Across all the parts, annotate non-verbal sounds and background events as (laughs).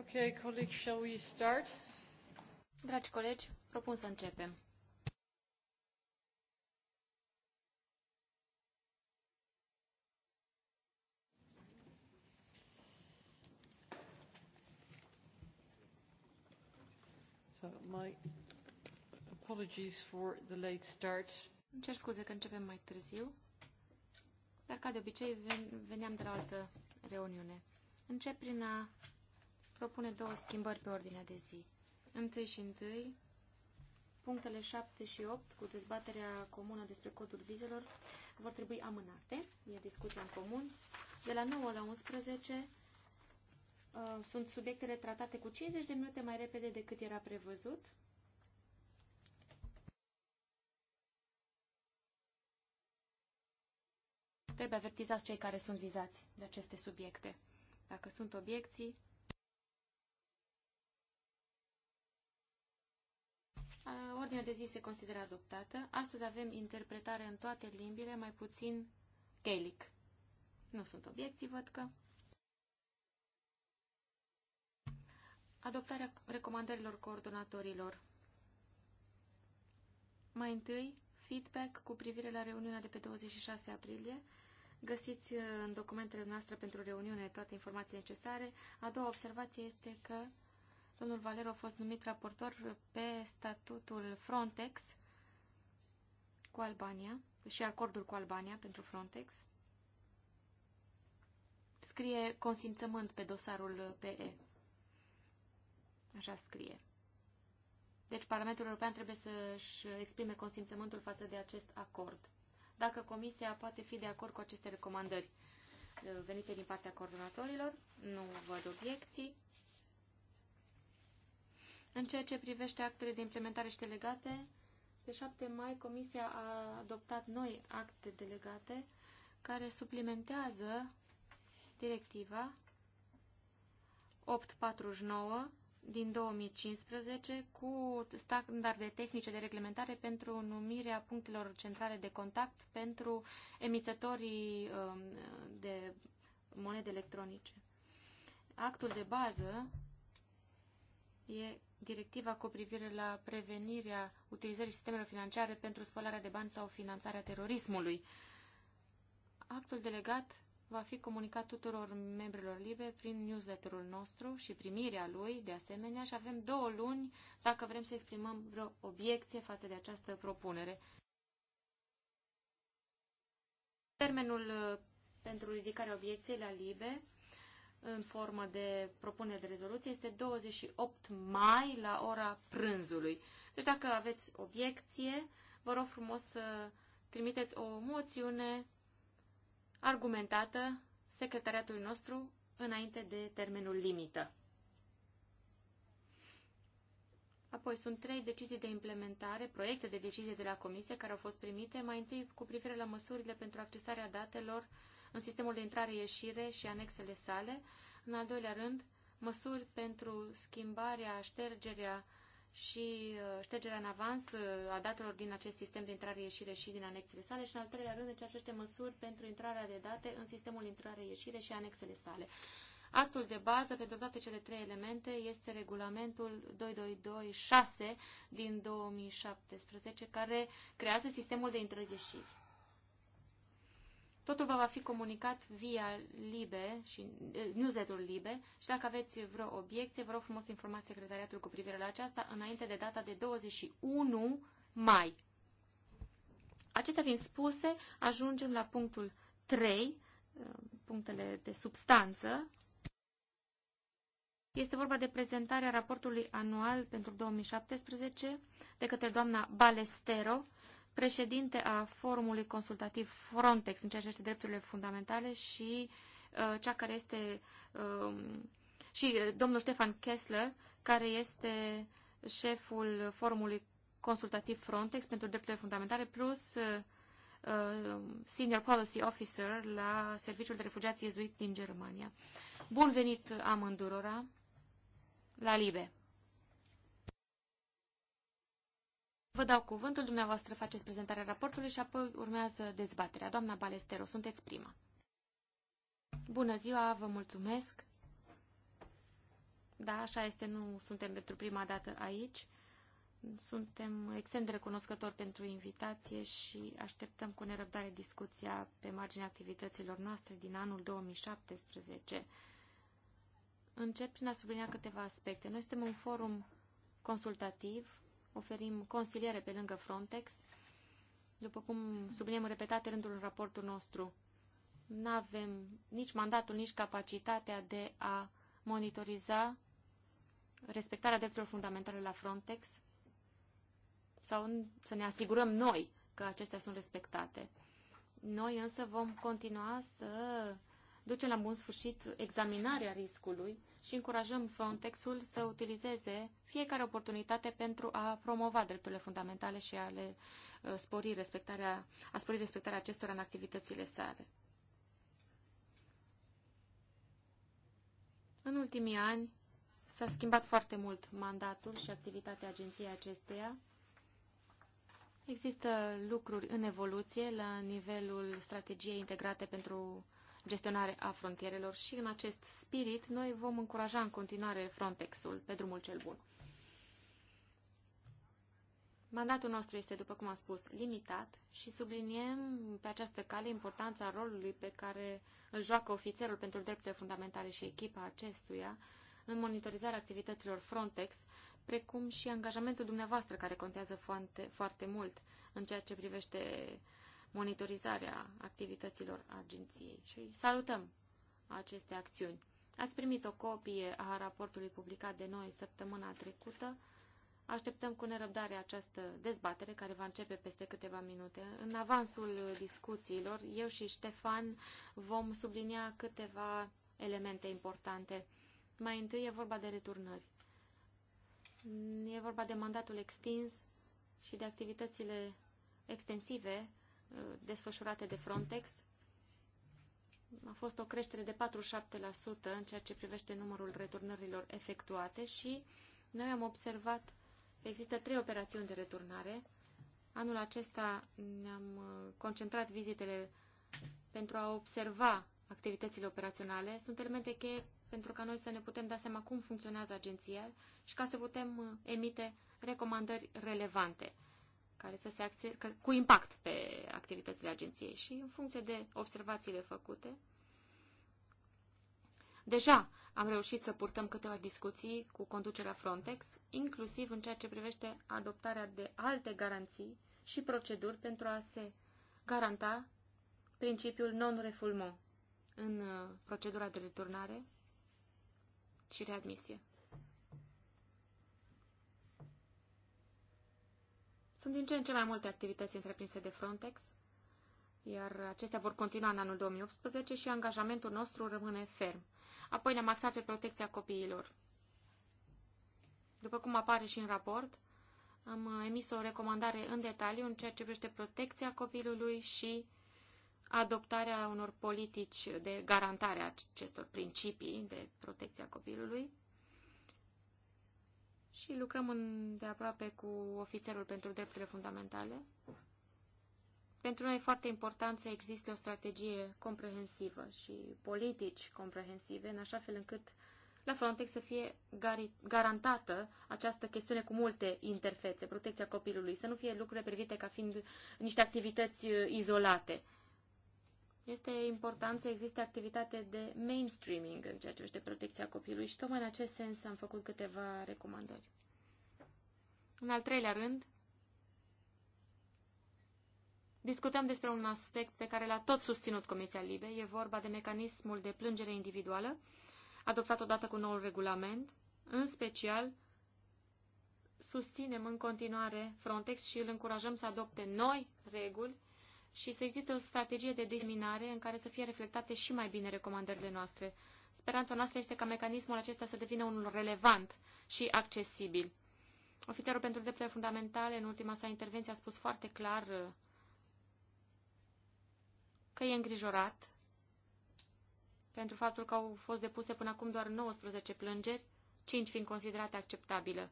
Okay, colleagues, shall we start? Dragi colegi, propun să începem. So my apologies for the late start. Îmi cer scuze că începem mai târziu, dar ca de obicei veneam de la altă reuniune. Încep prin a propune două schimbări pe ordinea de zi. Întâi și întâi, punctele 7 și 8 cu dezbaterea comună despre codul vizelor vor trebui amânate. E discuția în comun. De la 9 la 11 uh, sunt subiectele tratate cu 50 de minute mai repede decât era prevăzut. Trebuie avertizați cei care sunt vizați de aceste subiecte. Dacă sunt obiecții, Ordinea de zi se consideră adoptată. Astăzi avem interpretare în toate limbile, mai puțin gaelic. Nu sunt obiecții, văd că. Adoptarea recomandărilor coordonatorilor. Mai întâi, feedback cu privire la reuniunea de pe 26 aprilie. Găsiți uh, în documentele noastre pentru reuniune toate informații necesare. A doua observație este că Domnul Valero a fost numit raportor pe statutul Frontex cu Albania și acordul cu Albania pentru Frontex. Scrie consimțământ pe dosarul PE. Așa scrie. Deci Parlamentul European trebuie să-și exprime consimțământul față de acest acord. Dacă Comisia poate fi de acord cu aceste recomandări uh, venite din partea coordonatorilor, nu văd obiecții, în ceea ce privește actele de implementare și delegate, pe 7 mai Comisia a adoptat noi acte delegate care suplimentează directiva 849 din 2015 cu standarde tehnice de reglementare pentru numirea punctelor centrale de contact pentru emițătorii um, de monede electronice. Actul de bază e directiva cu privire la prevenirea utilizării sistemelor financiare pentru spălarea de bani sau finanțarea terorismului. Actul delegat va fi comunicat tuturor membrilor LIBE prin newsletterul nostru și primirea lui, de asemenea, și avem două luni dacă vrem să exprimăm vreo obiecție față de această propunere. Termenul uh, pentru ridicarea obiecției la LIBE în formă de propunere de rezoluție este 28 mai la ora prânzului. Deci dacă aveți obiecție, vă rog frumos să trimiteți o moțiune argumentată secretariatului nostru înainte de termenul limită. Apoi sunt trei decizii de implementare, proiecte de decizie de la Comisie care au fost primite, mai întâi cu privire la măsurile pentru accesarea datelor uh, în sistemul de intrare-ieșire și anexele sale. În al doilea rând, măsuri pentru schimbarea, ștergerea și uh, ștergerea în avans uh, a datelor din acest sistem de intrare-ieșire și din anexele sale și, în al treilea rând, în ceea ce măsuri pentru intrarea de date în sistemul de intrare-ieșire și anexele sale. Actul de bază pentru toate cele trei elemente este regulamentul 2226 din 2017, care creează sistemul de intrări-ieșiri. Totul va fi comunicat via Libe și eh, newsletter Libe și dacă aveți vreo obiecție, vă rog frumos să informați secretariatul cu privire la aceasta înainte de data de 21 mai. Acestea fiind spuse, ajungem la punctul 3, eh, punctele de substanță. Este vorba de prezentarea raportului anual pentru 2017 de către doamna Balestero președinte a forumului consultativ Frontex în ceea ce este drepturile fundamentale și uh, cea care este uh, și uh, domnul Stefan Kessler, care este șeful forumului consultativ Frontex pentru drepturile fundamentale, plus uh, uh, senior policy officer la Serviciul de Refugiați Iezuit din Germania. Bun venit amândurora la Libe! Vă dau cuvântul, dumneavoastră faceți prezentarea raportului și apoi urmează dezbaterea. Doamna Balestero, sunteți prima. Bună ziua, vă mulțumesc. Da, așa este, nu suntem pentru prima dată aici. Suntem extrem de recunoscători pentru invitație și așteptăm cu nerăbdare discuția pe marginea activităților noastre din anul 2017. Încep prin a sublinia câteva aspecte. Noi suntem un forum consultativ oferim consiliere pe lângă Frontex, după cum subliniem în repetate rândul în raportul nostru. Nu avem nici mandatul, nici capacitatea de a monitoriza respectarea drepturilor fundamentale la Frontex sau să ne asigurăm noi că acestea sunt respectate. Noi însă vom continua să duce la bun sfârșit examinarea riscului și încurajăm Frontexul să utilizeze fiecare oportunitate pentru a promova drepturile fundamentale și a, le uh, spori respectarea, a spori respectarea acestora în activitățile sale. În ultimii ani s-a schimbat foarte mult mandatul și activitatea agenției acesteia. Există lucruri în evoluție la nivelul strategiei integrate pentru gestionare a frontierelor și în acest spirit noi vom încuraja în continuare Frontex-ul pe drumul cel bun. Mandatul nostru este, după cum am spus, limitat și subliniem pe această cale importanța rolului pe care îl joacă ofițerul pentru drepturile fundamentale și echipa acestuia în monitorizarea activităților Frontex, precum și angajamentul dumneavoastră care contează foarte, foarte mult în ceea ce privește uh, monitorizarea activităților agenției și salutăm aceste acțiuni. Ați primit o copie a raportului publicat de noi săptămâna trecută. Așteptăm cu nerăbdare această dezbatere care va începe peste câteva minute. În avansul discuțiilor, eu și Ștefan vom sublinia câteva elemente importante. Mai întâi e vorba de returnări. E vorba de mandatul extins și de activitățile extensive desfășurate de Frontex. A fost o creștere de 47% în ceea ce privește numărul returnărilor efectuate și noi am observat că există trei operațiuni de returnare. Anul acesta ne-am uh, concentrat vizitele pentru a observa activitățile operaționale. Sunt elemente cheie pentru ca noi să ne putem da seama cum funcționează agenția și ca să putem uh, emite recomandări relevante care să se axe, că, cu impact pe activitățile agenției și în funcție de observațiile făcute. Deja am reușit să purtăm câteva discuții cu conducerea Frontex, inclusiv în ceea ce privește adoptarea de alte garanții și proceduri pentru a se garanta principiul non refulmo în uh, procedura de returnare și readmisie. Sunt din ce în ce mai multe activități întreprinse de Frontex, iar acestea vor continua în anul 2018 și angajamentul nostru rămâne ferm. Apoi ne-am axat pe protecția copiilor. După cum apare și în raport, am emis o recomandare în detaliu în ceea ce privește protecția copilului și adoptarea unor politici de garantare a acestor principii de protecția copilului și lucrăm în, de aproape cu ofițerul pentru drepturile fundamentale. Pentru noi e foarte important să existe o strategie comprehensivă și politici comprehensive, în așa fel încât la Frontex să fie gar garantată această chestiune cu multe interfețe, protecția copilului, să nu fie lucrurile privite ca fiind niște activități uh, izolate este important să existe activitate de mainstreaming în ceea ce este protecția copilului și tocmai în acest sens am făcut câteva recomandări. În al treilea rând, discutăm despre un aspect pe care l-a tot susținut Comisia Libe. E vorba de mecanismul de plângere individuală, adoptat odată cu noul regulament. În special, susținem în continuare Frontex și îl încurajăm să adopte noi reguli și să existe o strategie de diseminare în care să fie reflectate și mai bine recomandările noastre. Speranța noastră este ca mecanismul acesta să devină unul relevant și accesibil. Ofițerul pentru drepturile fundamentale, în ultima sa intervenție, a spus foarte clar uh, că e îngrijorat pentru faptul că au fost depuse până acum doar 19 plângeri, 5 fiind considerate acceptabile.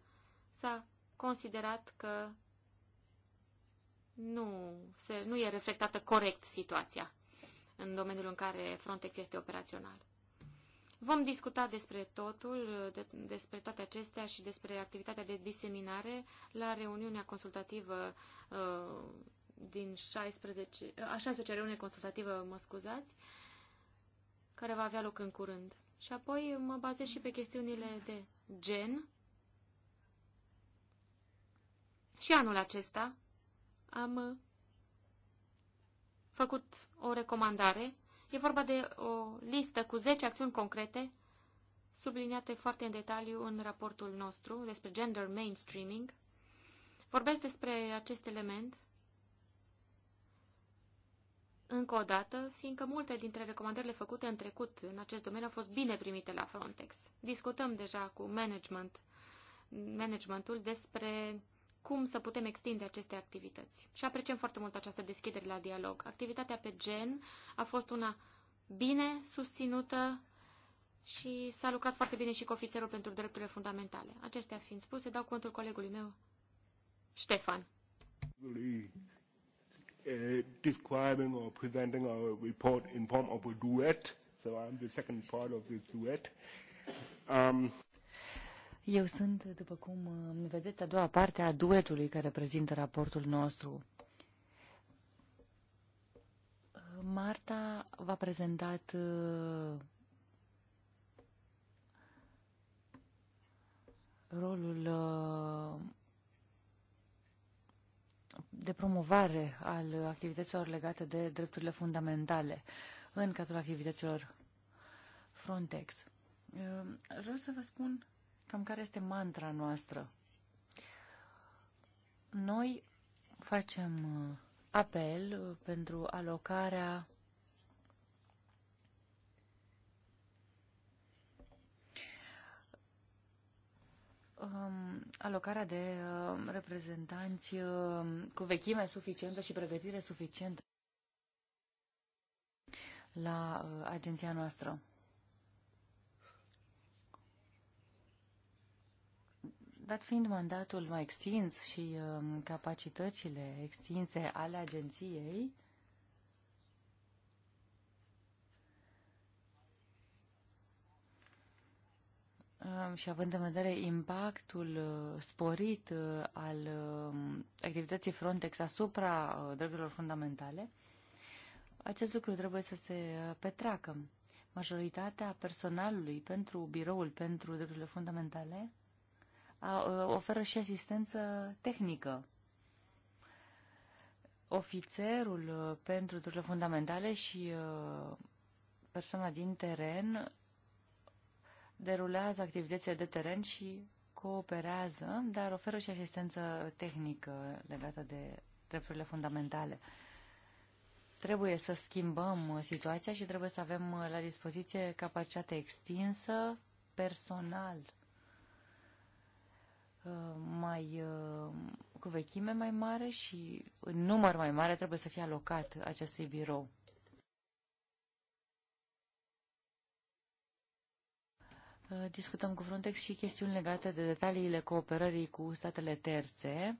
S-a considerat că nu, se, nu e reflectată corect situația în domeniul în care Frontex este operațional. Vom discuta despre totul, de, despre toate acestea și despre activitatea de diseminare la reuniunea consultativă uh, din 16, uh, a 16 reuniune consultativă, mă scuzați, care va avea loc în curând. Și apoi mă bazez și pe chestiunile de gen. Și anul acesta am uh, făcut o recomandare. E vorba de o listă cu 10 acțiuni concrete subliniate foarte în detaliu în raportul nostru despre gender mainstreaming. Vorbesc despre acest element încă o dată, fiindcă multe dintre recomandările făcute în trecut în acest domeniu au fost bine primite la Frontex. Discutăm deja cu management, managementul despre cum să putem extinde aceste activități. Și apreciem foarte mult această deschidere la dialog. Activitatea pe gen a fost una bine susținută și s-a lucrat foarte bine și cu ofițerul pentru drepturile fundamentale. Acestea fiind spuse, dau contul colegului meu, Ștefan. Eh, describing or presenting a report in form of a duet, so I'm the second part of this duet. Um, eu sunt, după cum uh, vedeți, a doua parte a duetului care prezintă raportul nostru. Uh, Marta v-a prezentat uh, rolul de promovare al activităților legate de drepturile fundamentale în cadrul activităților Frontex. Vreau să vă spun cam care este mantra noastră. Noi facem uh, apel uh, pentru alocarea um, alocarea de uh, reprezentanți cu vechime suficientă și pregătire suficientă la agenția noastră. Dat fiind mandatul mai extins și um, capacitățile extinse ale agenției, um, și având în vedere impactul uh, sporit uh, al um, activității Frontex asupra uh, drepturilor fundamentale, acest lucru trebuie să se petreacă. Majoritatea personalului pentru biroul pentru drepturile fundamentale Ă, oferă și asistență tehnică. Ofițerul ă, pentru drepturile fundamentale și ă, persoana din teren derulează activitățile de teren și cooperează, dar oferă și asistență tehnică legată de drepturile fundamentale. Trebuie să schimbăm situația și trebuie să avem la dispoziție capacitate extinsă, personal Uh, mai uh, cu vechime mai mare și în număr mai mare trebuie să fie alocat acestui birou. Uh, discutăm cu Frontex și chestiuni legate de detaliile cooperării cu statele terțe.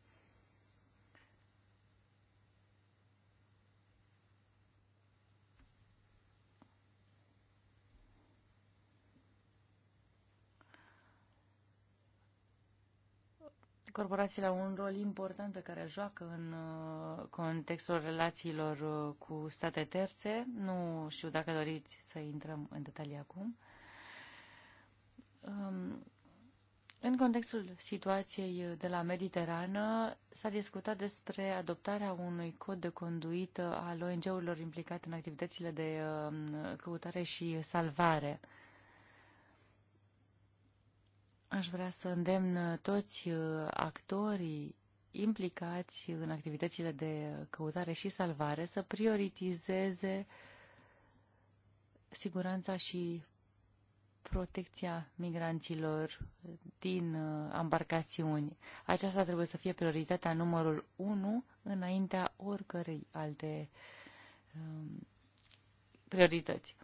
Corporațiile au un rol important pe care îl joacă în uh, contextul relațiilor uh, cu state terțe. Nu știu dacă doriți să intrăm în detalii acum. Um, în contextul situației de la Mediterană s-a discutat despre adoptarea unui cod de conduită al ONG-urilor implicate în activitățile de um, căutare și salvare. Aș vrea să îndemn uh, toți uh, actorii implicați în activitățile de căutare și salvare să prioritizeze siguranța și protecția migranților din uh, embarcațiuni. Aceasta trebuie să fie prioritatea numărul 1 înaintea oricărei alte um, priorități.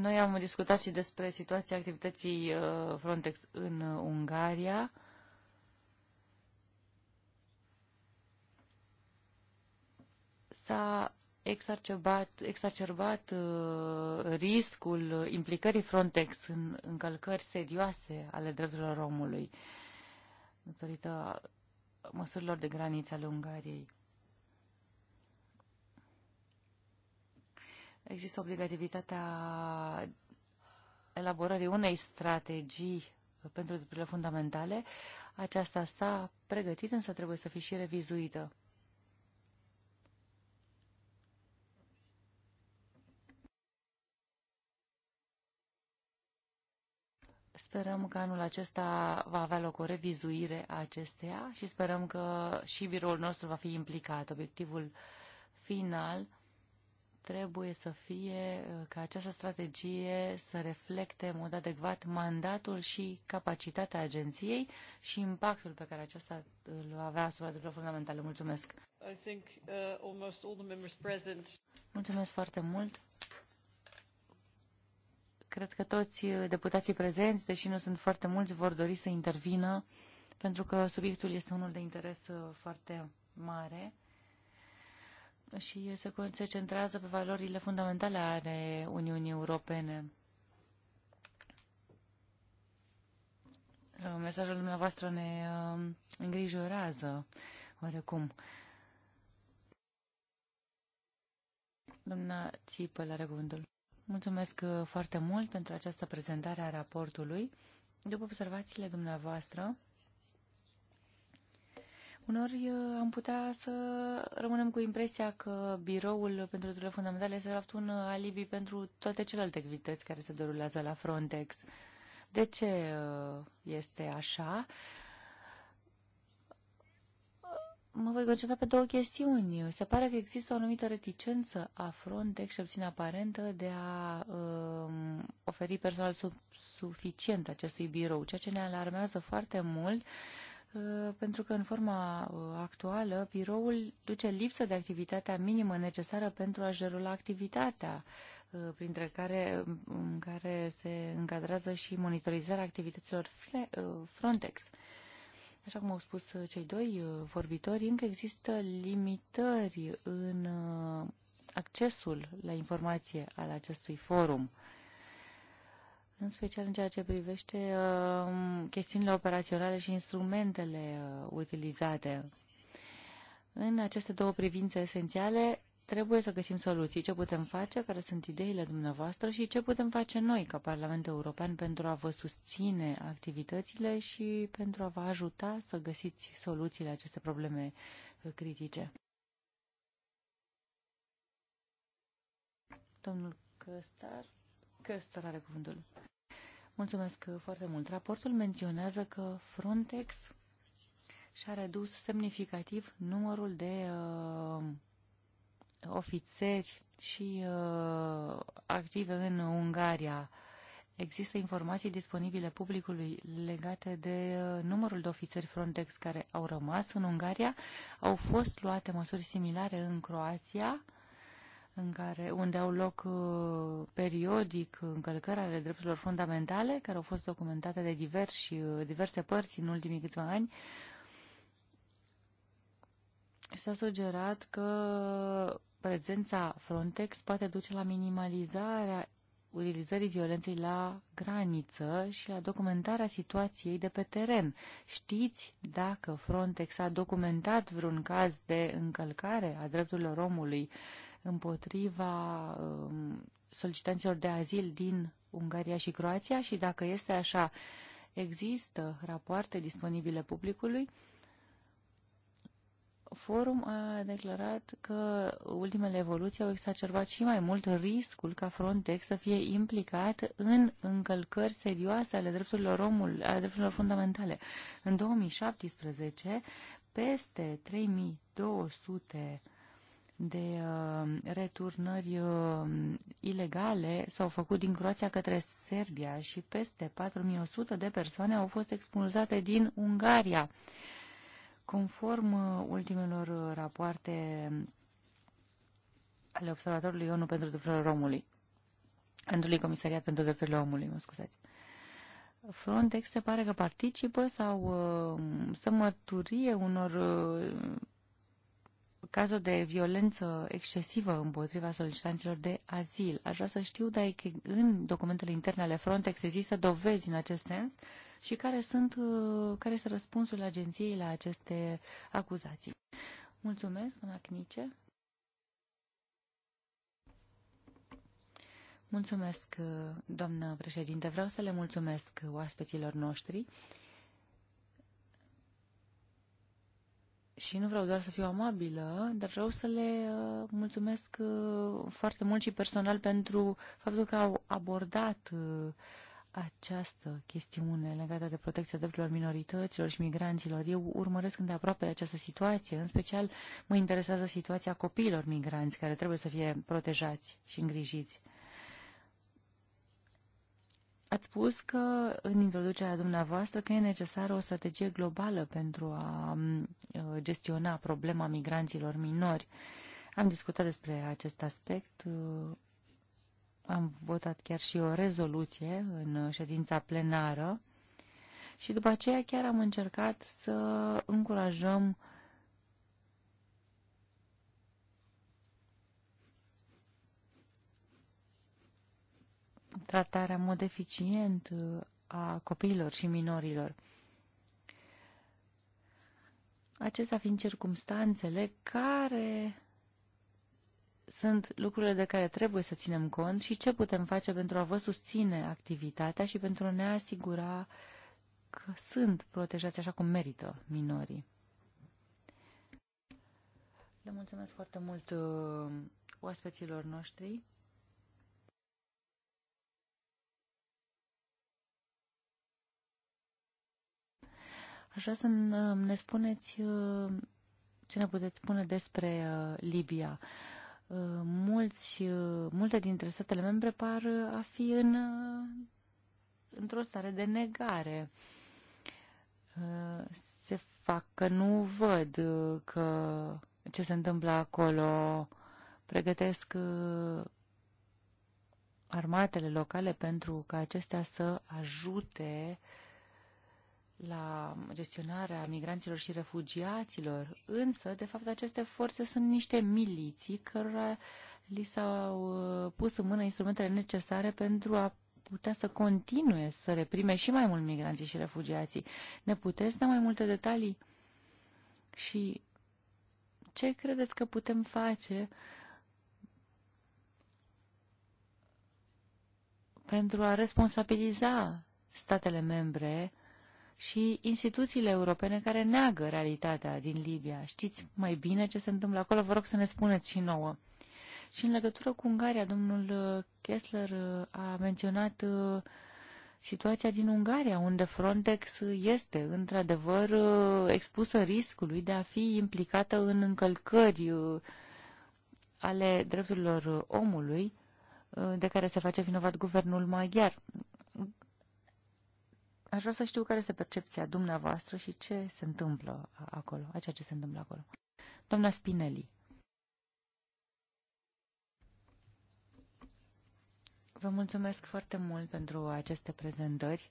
Noi am discutat și despre situația activității uh, Frontex în uh, Ungaria. S-a exacerbat, exacerbat uh, riscul implicării Frontex în încălcări serioase ale drepturilor omului datorită măsurilor de graniță ale Ungariei. Există obligativitatea elaborării unei strategii pentru drepturile fundamentale. Aceasta s-a pregătit, însă trebuie să fie și revizuită. Sperăm că anul acesta va avea loc o revizuire a acesteia și sperăm că și biroul nostru va fi implicat. Obiectivul final trebuie să fie uh, ca această strategie să reflecte în mod adecvat mandatul și capacitatea agenției și impactul pe care aceasta îl avea asupra drepturilor fundamentale. Mulțumesc! I think, uh, almost all the members present... Mulțumesc foarte mult! Cred că toți uh, deputații prezenți, deși nu sunt foarte mulți, vor dori să intervină pentru că subiectul este unul de interes uh, foarte mare și se concentrează pe valorile fundamentale ale Uniunii Europene. Mesajul dumneavoastră ne uh, îngrijorează oarecum. Doamna Țipă, are cuvântul. Mulțumesc uh, foarte mult pentru această prezentare a raportului. După observațiile dumneavoastră, Unori uh, am putea să rămânem cu impresia că biroul pentru drepturile fundamentale este de fapt un uh, alibi pentru toate celelalte activități care se derulează la Frontex. De ce uh, este așa? Mă voi concentra pe două chestiuni. Se pare că există o anumită reticență a Frontex și obțin aparentă de a um, oferi personal sub, suficient acestui birou, ceea ce ne alarmează foarte mult uh, Uh, pentru că în forma uh, actuală biroul duce lipsă de activitatea minimă necesară pentru a-și derula activitatea, uh, printre care, în care se încadrează și monitorizarea activităților Frontex. Așa cum au spus cei doi vorbitori, încă există limitări în accesul la informație al acestui forum în special în ceea ce privește uh, chestiunile operaționale și instrumentele uh, utilizate. În aceste două privințe esențiale, trebuie să găsim soluții. Ce putem face, care sunt ideile dumneavoastră și ce putem face noi ca Parlament European pentru a vă susține activitățile și pentru a vă ajuta să găsiți soluții la aceste probleme uh, critice. Domnul Căstar. Căstar are cuvântul. Mulțumesc foarte mult. Raportul menționează că Frontex și-a redus semnificativ numărul de uh, ofițeri și uh, active în Ungaria. Există informații disponibile publicului legate de uh, numărul de ofițeri Frontex care au rămas în Ungaria? Au fost luate măsuri similare în Croația? Uh, în care, unde au loc uh, periodic încălcări ale drepturilor fundamentale, care au fost documentate de diversi, uh, diverse părți în ultimii câțiva ani, s-a sugerat că prezența Frontex poate duce la minimalizarea utilizării violenței la graniță și la documentarea situației de pe teren. Știți dacă Frontex a documentat vreun caz de încălcare a drepturilor omului uh, împotriva um, solicitanților de azil din Ungaria și Croația și dacă este așa, există rapoarte disponibile publicului. Forum a declarat că ultimele evoluții au exacerbat și mai mult riscul ca Frontex să fie implicat în încălcări serioase ale drepturilor omului, ale drepturilor fundamentale. În 2017, peste 3200 de uh, returnări uh, ilegale s-au făcut din Croația către Serbia și peste 4100 de persoane au fost expulzate din Ungaria. Conform uh, ultimelor rapoarte ale Observatorului ONU pentru drepturile omului, Întâlnii Comisariat pentru Drepturile Omului, mă scuzați. Frontex se pare că participă sau uh, să mărturie unor uh, cazuri de violență excesivă împotriva solicitanților de azil. Aș vrea să știu dacă în documentele interne ale Frontex există dovezi în acest sens și care, sunt, uh, care sunt răspunsul agenției la aceste acuzații. Mulțumesc, doamna Cnice. Mulțumesc, uh, doamnă președinte. Vreau să le mulțumesc oaspeților noștri. și nu vreau doar să fiu amabilă, dar vreau să le uh, mulțumesc uh, foarte mult și personal pentru faptul că au abordat uh, această chestiune legată de protecția drepturilor minorităților și migranților. Eu urmăresc îndeaproape această situație, în special mă interesează situația copiilor migranți care trebuie să fie protejați și îngrijiți. Ați spus că în introducerea dumneavoastră că e necesară o strategie globală pentru a uh, gestiona problema migranților minori. Am discutat despre acest aspect, uh, am votat chiar și o rezoluție în ședința plenară și după aceea chiar am încercat să încurajăm tratarea în mod eficient uh, a copiilor și minorilor. Acestea fiind circumstanțele care sunt lucrurile de care trebuie să ținem cont și ce putem face pentru a vă susține activitatea și pentru a ne asigura că sunt protejați așa cum merită minorii. Le mulțumesc foarte mult uh, oaspeților noștri. Aș vrea să uh, ne spuneți uh, ce ne puteți spune despre uh, Libia. Mulți, multe dintre statele membre par a fi în, într-o stare de negare. Se fac că nu văd că ce se întâmplă acolo. Pregătesc armatele locale pentru ca acestea să ajute uh, la gestionarea migranților și refugiaților, însă, de fapt, aceste forțe sunt niște miliții cărora li s-au uh, pus în mână instrumentele necesare pentru a putea să continue să reprime și mai mult migranții și refugiații. Ne puteți da mai multe detalii? Și ce credeți că putem face pentru a responsabiliza statele membre și instituțiile europene care neagă realitatea din Libia. Știți mai bine ce se întâmplă acolo? Vă rog să ne spuneți și nouă. Și în legătură cu Ungaria, domnul uh, Kessler uh, a menționat uh, situația din Ungaria, unde Frontex este într-adevăr expusă riscului de a fi implicată în încălcări ale drepturilor omului de care se face vinovat guvernul maghiar. Aș vrea să știu care este percepția dumneavoastră și ce se întâmplă acolo, a ceea ce se întâmplă acolo. Doamna Spinelli. Vă mulțumesc foarte mult pentru aceste prezentări.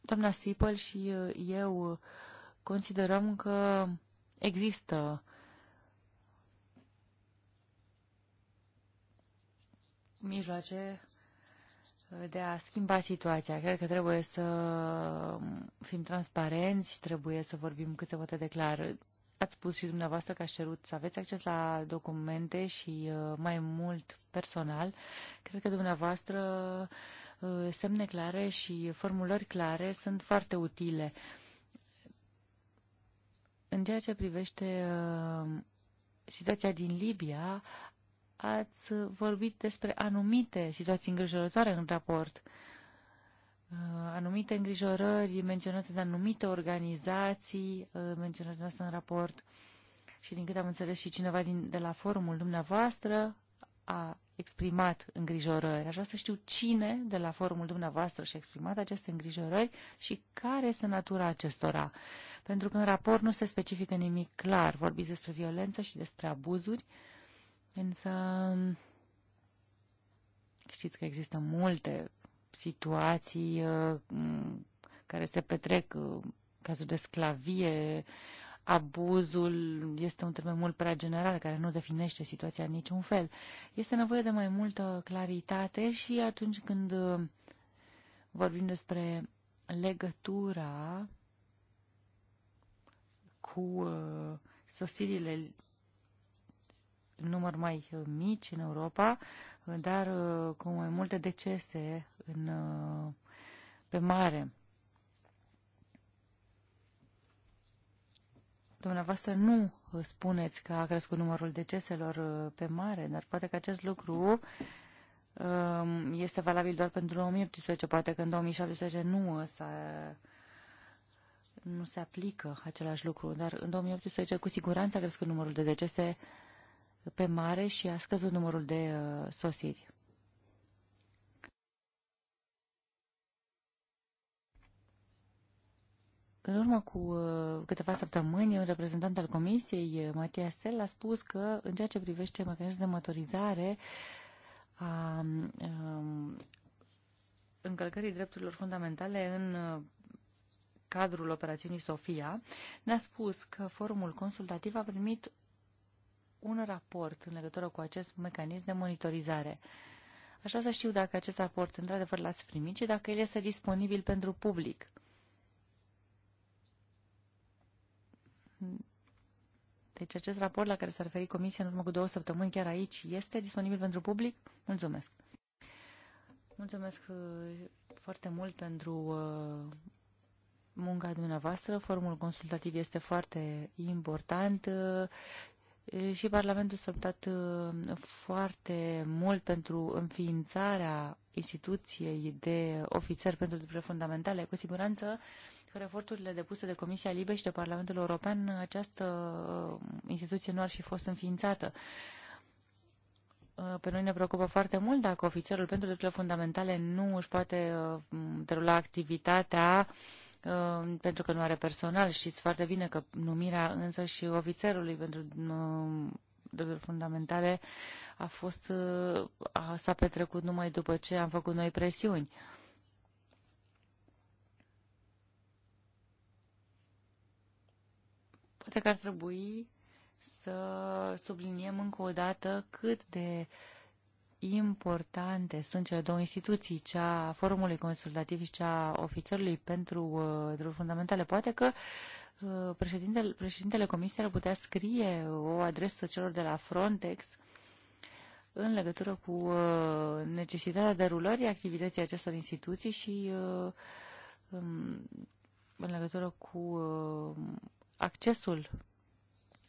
Doamna Sipăl și uh, eu considerăm că există mijloace uh, de a schimba situația. Cred că trebuie să um, fim transparenți, trebuie să vorbim cât se poate de clar. Ați spus și dumneavoastră că ați cerut să aveți acces la documente și uh, mai mult personal. Cred că dumneavoastră uh, semne clare și formulări clare sunt foarte utile. În ceea ce privește situația din Libia, ați vorbit despre anumite situații îngrijorătoare în raport, uh, anumite îngrijorări menționate de anumite organizații uh, menționate asta în raport și din câte am înțeles și cineva din, de la forumul dumneavoastră a exprimat îngrijorări. Aș vrea să știu cine de la forumul dumneavoastră și-a exprimat aceste îngrijorări și care este natura acestora. Pentru că în raport nu se specifică nimic clar. Vorbiți despre violență și despre abuzuri, uh, Însă știți că există multe situații uh, care se petrec, uh, cazul de sclavie, abuzul este un termen mult prea general care nu definește situația în niciun fel. Este nevoie de mai multă claritate și atunci când uh, vorbim despre legătura cu sosirile număr mai uh, mici în Europa, uh, dar uh, cu mai multe decese în, pe mare. Dumneavoastră nu spuneți că a crescut numărul deceselor pe mare, dar poate că acest lucru um, este valabil doar pentru 2018, poate că în 2017 nu s-a nu se aplică același lucru, dar în 2018 cu siguranță a crescut numărul de decese pe mare și a scăzut numărul de uh, sosiri. În urmă cu uh, câteva săptămâni, un reprezentant al Comisiei, uh, Matia Sel, a spus că, în ceea ce privește mecanismul de motorizare a um, încălcării drepturilor fundamentale în uh, cadrul operațiunii Sofia, ne-a spus că forumul consultativ a primit un raport în legătură cu acest mecanism de monitorizare. Aș vrea să știu dacă acest raport într-adevăr l-ați primit și dacă el este disponibil pentru public. Deci acest raport la care s-a referit Comisia în urmă cu două săptămâni chiar aici este disponibil pentru public? Mulțumesc! Mulțumesc uh, foarte mult pentru uh, munca dumneavoastră. Formul consultativ este foarte important uh, și Parlamentul s-a optat foarte mult pentru înființarea instituției de ofițeri pentru drepturile fundamentale. Cu siguranță, fără eforturile depuse de Comisia Libe și de Parlamentul European, această instituție nu ar fi fost înființată. Pe noi ne preocupă foarte mult dacă ofițerul pentru drepturile fundamentale nu își poate derula activitatea uh, Ehm, pentru că nu are personal. Știți foarte bine că numirea însă și ofițerului pentru ehm, drepturi fundamentale a fost, ehm, s-a petrecut numai după ce am făcut noi presiuni. Poate că ar trebui să subliniem încă o dată cât de uh, importante sunt cele două instituții, cea a forumului consultativ și cea a ofițerului pentru uh, drepturi fundamentale. Poate că uh, președintele, președintele Comisiei ar putea scrie o adresă celor de la Frontex în legătură cu uh, necesitatea derulării activității acestor instituții și um, în legătură cu accesul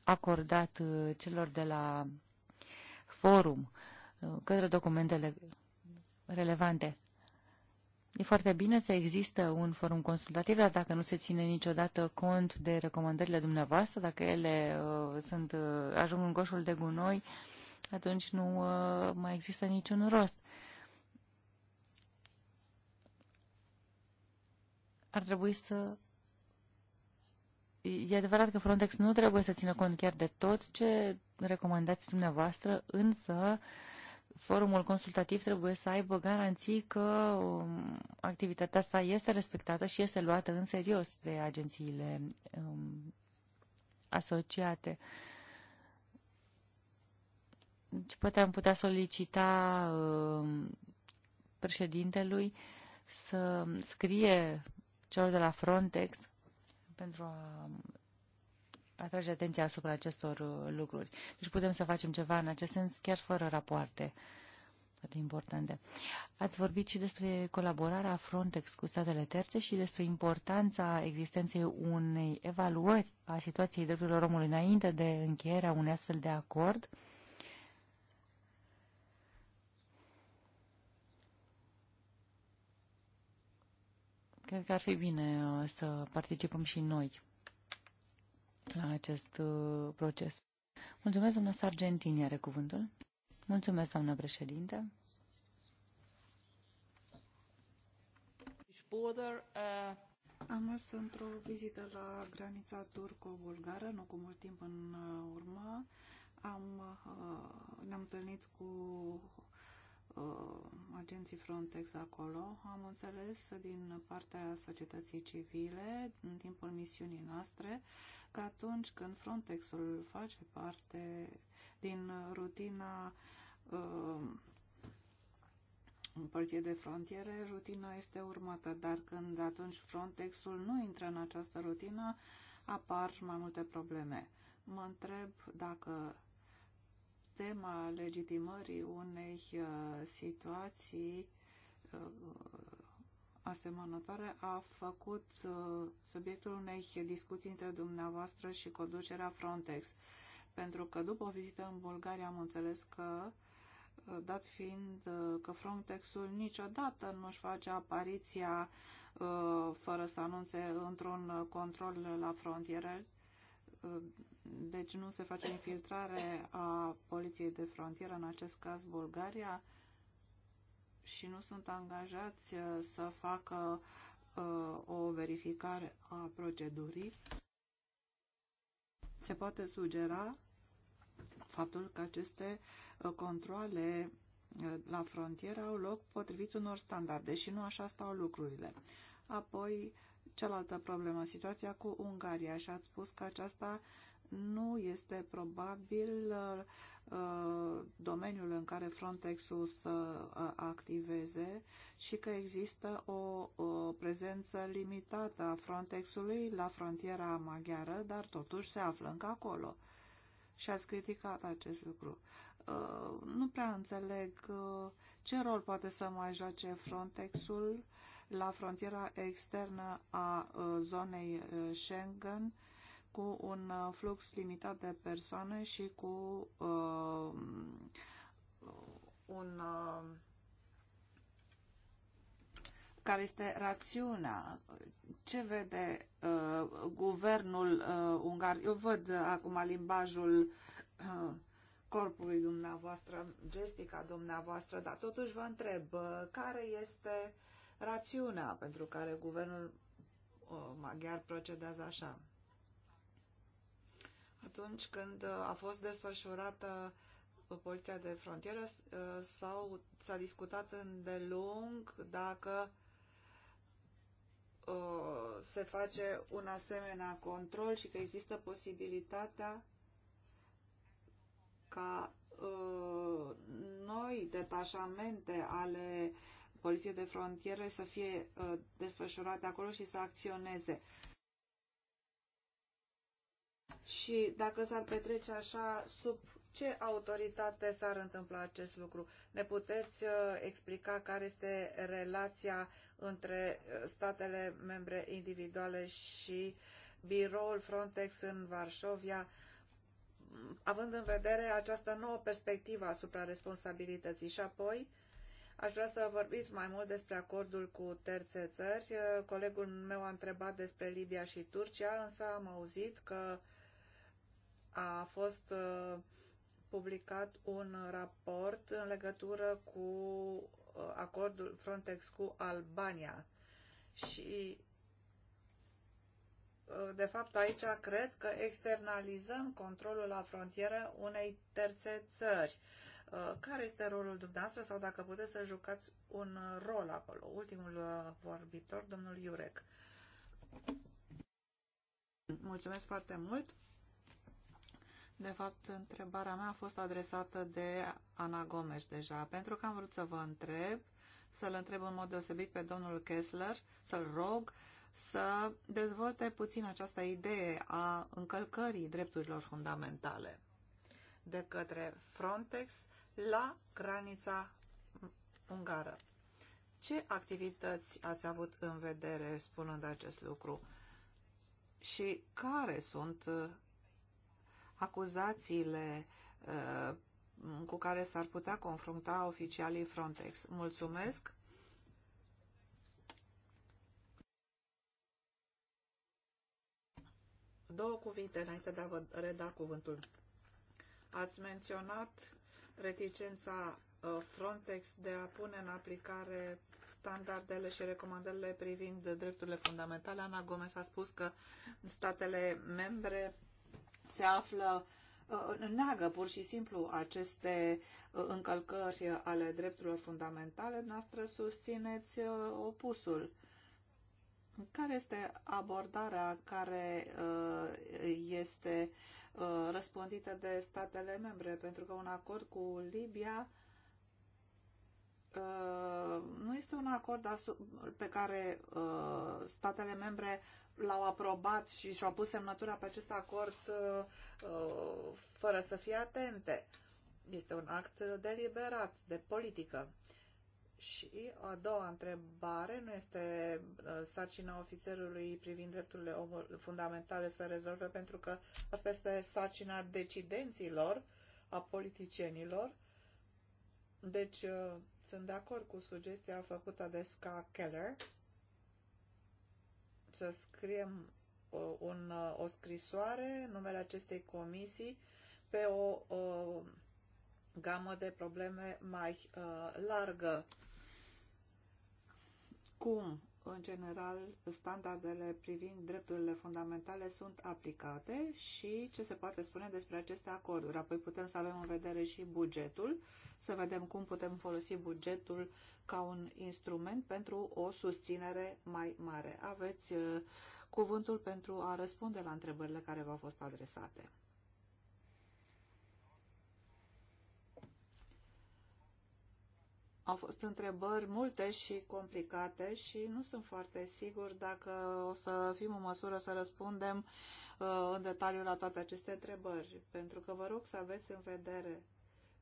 acordat celor de la forum Uh, către documentele relevante. E foarte bine să există un forum consultativ, dar dacă nu se ține niciodată cont de recomandările dumneavoastră, dacă ele uh, sunt, uh, ajung în coșul de gunoi, atunci nu uh, mai există niciun rost. Ar trebui să... E adevărat că Frontex nu trebuie să țină cont chiar de tot ce recomandați dumneavoastră, însă uh, forumul consultativ trebuie să aibă garanții că um, activitatea sa este respectată și este luată în serios de agențiile um, asociate. Ce deci, poate am putea solicita um, președintelui să scrie celor de la Frontex pentru a atrage atenția asupra acestor uh, lucruri. Deci putem să facem ceva în acest sens chiar fără rapoarte foarte importante. Ați vorbit și despre colaborarea Frontex cu statele terțe și despre importanța existenței unei evaluări a situației drepturilor omului înainte de încheierea unui astfel de acord. Cred că ar fi bine uh, să participăm și noi la acest uh, proces. Mulțumesc, doamna Sargentini, are cuvântul. Mulțumesc, doamna președinte. Am mers într-o vizită la granița turco-bulgară, nu cu mult timp în urmă. Am, uh, ne-am întâlnit cu uh, agenții Frontex acolo. Am înțeles din partea societății civile, în timpul misiunii noastre, că atunci când Frontexul face parte din rutina uh, în părție de frontiere, rutina este urmată, dar când atunci Frontexul nu intră în această rutină, apar mai multe probleme. Mă întreb dacă tema legitimării unei uh, situații uh, asemănătoare a făcut uh, subiectul unei discuții între dumneavoastră și conducerea Frontex. Pentru că după o vizită în Bulgaria am înțeles că, dat fiind că Frontexul niciodată nu își face apariția fără să anunțe într-un control la frontiere, deci nu se face infiltrare a poliției de frontieră, în acest caz Bulgaria, și nu sunt angajați uh, să facă uh, o verificare a procedurii, se poate sugera faptul că aceste uh, controle la frontieră au loc potrivit unor standarde și nu așa stau lucrurile. Apoi, cealaltă problemă, situația cu Ungaria și ați spus că aceasta nu este probabil uh, domeniul în care Frontex-ul să uh, activeze și că există o, o prezență limitată a Frontex-ului la frontiera maghiară, dar totuși se află încă acolo. Și ați criticat acest lucru. Uh, nu prea înțeleg uh, ce rol poate să mai joace Frontex-ul la frontiera externă a uh, zonei uh, Schengen cu un uh, flux limitat de persoane și cu uh, un uh, care este rațiunea, ce vede uh, guvernul uh, ungar. Eu văd uh, acum limbajul uh, corpului dumneavoastră, gestica dumneavoastră, dar totuși vă întreb, uh, care este uh, rațiunea pentru care guvernul uh, maghiar procedează așa. Atunci când uh, a fost desfășurată uh, poliția de frontieră, sau s-a discutat îndelung dacă se face un asemenea control și că există posibilitatea ca noi detașamente ale poliție de frontiere să fie uh, desfășurate acolo și să acționeze. Și dacă s-ar petrece așa, sub ce autoritate s-ar întâmpla acest lucru? Ne puteți uh, explica care este relația între uh, statele membre individuale și biroul Frontex în Varșovia, având în vedere această nouă perspectivă asupra responsabilității și apoi Aș vrea să vorbiți mai mult despre acordul cu terțe țări. Colegul meu a întrebat despre Libia și Turcia, însă am auzit că a fost uh, publicat un raport în legătură cu uh, acordul Frontex cu Albania. Și uh, de fapt aici cred că externalizăm controlul la frontieră unei terțe țări. Uh, care este rolul dumneavoastră sau dacă puteți să jucați un rol acolo? Ultimul uh, vorbitor, domnul Iurec. Mulțumesc foarte mult. De fapt, întrebarea mea a fost adresată de Ana Gomes deja, pentru că am vrut să vă întreb, să-l întreb în mod deosebit pe domnul Kessler, să-l rog să dezvolte puțin această idee a încălcării drepturilor fundamentale de către Frontex la granița ungară. Ce activități ați avut în vedere spunând acest lucru? Și care sunt uh, acuzațiile uh, cu care s-ar putea confrunta oficialii Frontex? Mulțumesc! Două cuvinte înainte de a vă reda cuvântul Ați menționat reticența uh, Frontex de a pune în aplicare standardele și recomandările privind drepturile fundamentale. Ana Gomes a spus că statele membre se află uh, neagă pur și simplu aceste uh, încălcări ale drepturilor fundamentale, noastră susțineți opusul. Care este abordarea care uh, este uh, răspândită de statele membre? Pentru că un acord cu Libia uh, nu este un acord pe care statele membre l-au aprobat și și-au pus semnătura pe acest acord fără să fie atente. Este un act deliberat de politică. Și a doua întrebare nu este uh, sarcina ofițerului privind drepturile fundamentale să rezolve, pentru că asta este sarcina decidenților, a politicienilor. Deci uh, sunt de acord cu sugestia făcută de Ska Keller să scriem uh, un, o scrisoare, numele acestei comisii, pe o, o gamă de probleme mai uh, largă, cum, în general, standardele privind drepturile fundamentale sunt aplicate și ce se poate spune despre aceste acorduri. Apoi putem să avem în vedere și bugetul, să vedem cum putem folosi bugetul ca un instrument pentru o susținere mai mare. Aveți uh, cuvântul pentru a răspunde la întrebările care v-au fost adresate. Au fost întrebări multe și complicate și nu sunt foarte sigur dacă o să fim în măsură să răspundem uh, în detaliu la toate aceste întrebări, pentru că vă rog să aveți în vedere.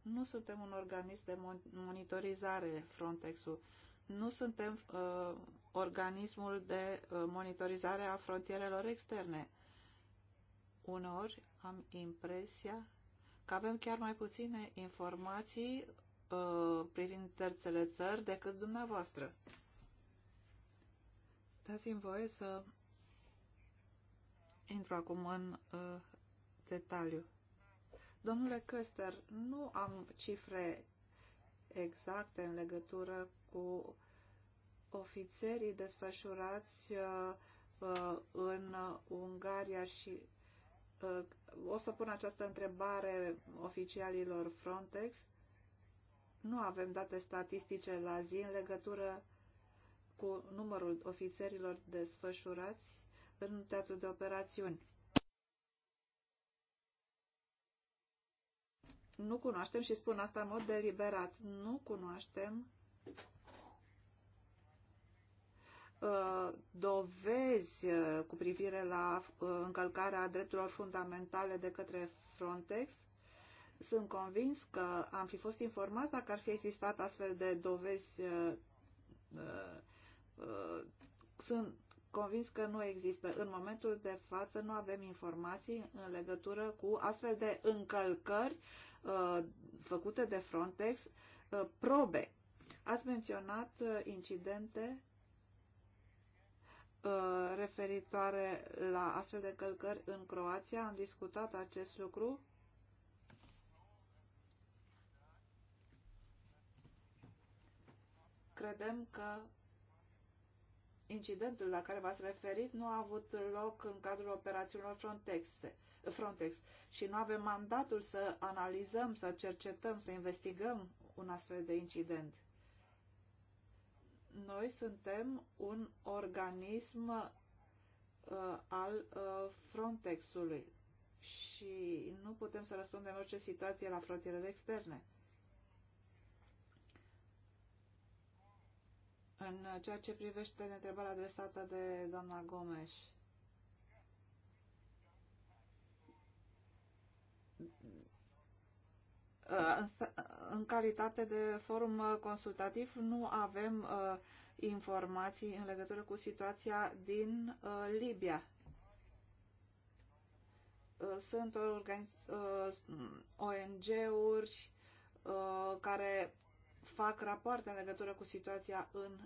Nu suntem un organism de monitorizare, Frontex-ul. Nu suntem uh, organismul de uh, monitorizare a frontierelor externe. Uneori am impresia că avem chiar mai puține informații Uh, privind terțele țări decât dumneavoastră. Dați-mi voie să intru acum în uh, detaliu. Domnule Căster, nu am cifre exacte în legătură cu ofițerii desfășurați uh, uh, în Ungaria și uh, o să pun această întrebare oficialilor Frontex nu avem date statistice la zi în legătură cu numărul ofițerilor desfășurați în teatru de operațiuni. Nu cunoaștem și spun asta în mod deliberat. Nu cunoaștem uh, dovezi uh, cu privire la uh, încălcarea drepturilor fundamentale de către Frontex sunt convins că am fi fost informați dacă ar fi existat astfel de dovezi. Uh, uh, uh, sunt convins că nu există. În momentul de față nu avem informații în legătură cu astfel de încălcări făcute de Frontex, probe. Ați menționat incidente referitoare la astfel de călcări în Croația. Am discutat acest lucru credem că incidentul la care v-ați referit nu a avut loc în cadrul operațiunilor Frontex, Frontex și nu avem mandatul să analizăm, să cercetăm, să investigăm un astfel de incident. Noi suntem un organism uh, al uh, Frontexului și nu putem să răspundem orice situație la frontierele externe. În ceea ce privește întrebarea adresată de doamna Gomes, uh, în calitate de forum consultativ nu avem uh, informații în legătură cu situația din uh, Libia. Sunt ONG-uri care fac rapoarte în legătură cu situația în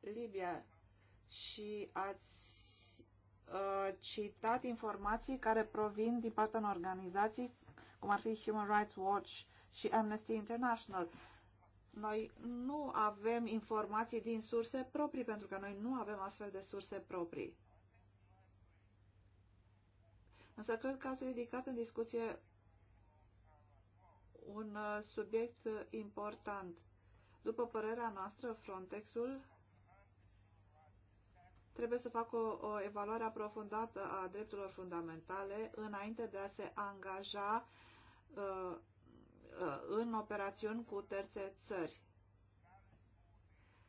Libia și ați uh, citat informații care provin din partea unor organizații, cum ar fi Human Rights Watch și Amnesty International. Noi nu avem informații din surse proprii, pentru că noi nu avem astfel de surse proprii. Însă cred că ați ridicat în discuție un uh, subiect important după părerea noastră, Frontexul trebuie să facă o, o evaluare aprofundată a drepturilor fundamentale înainte de a se angaja uh, uh, în operațiuni cu terțe țări.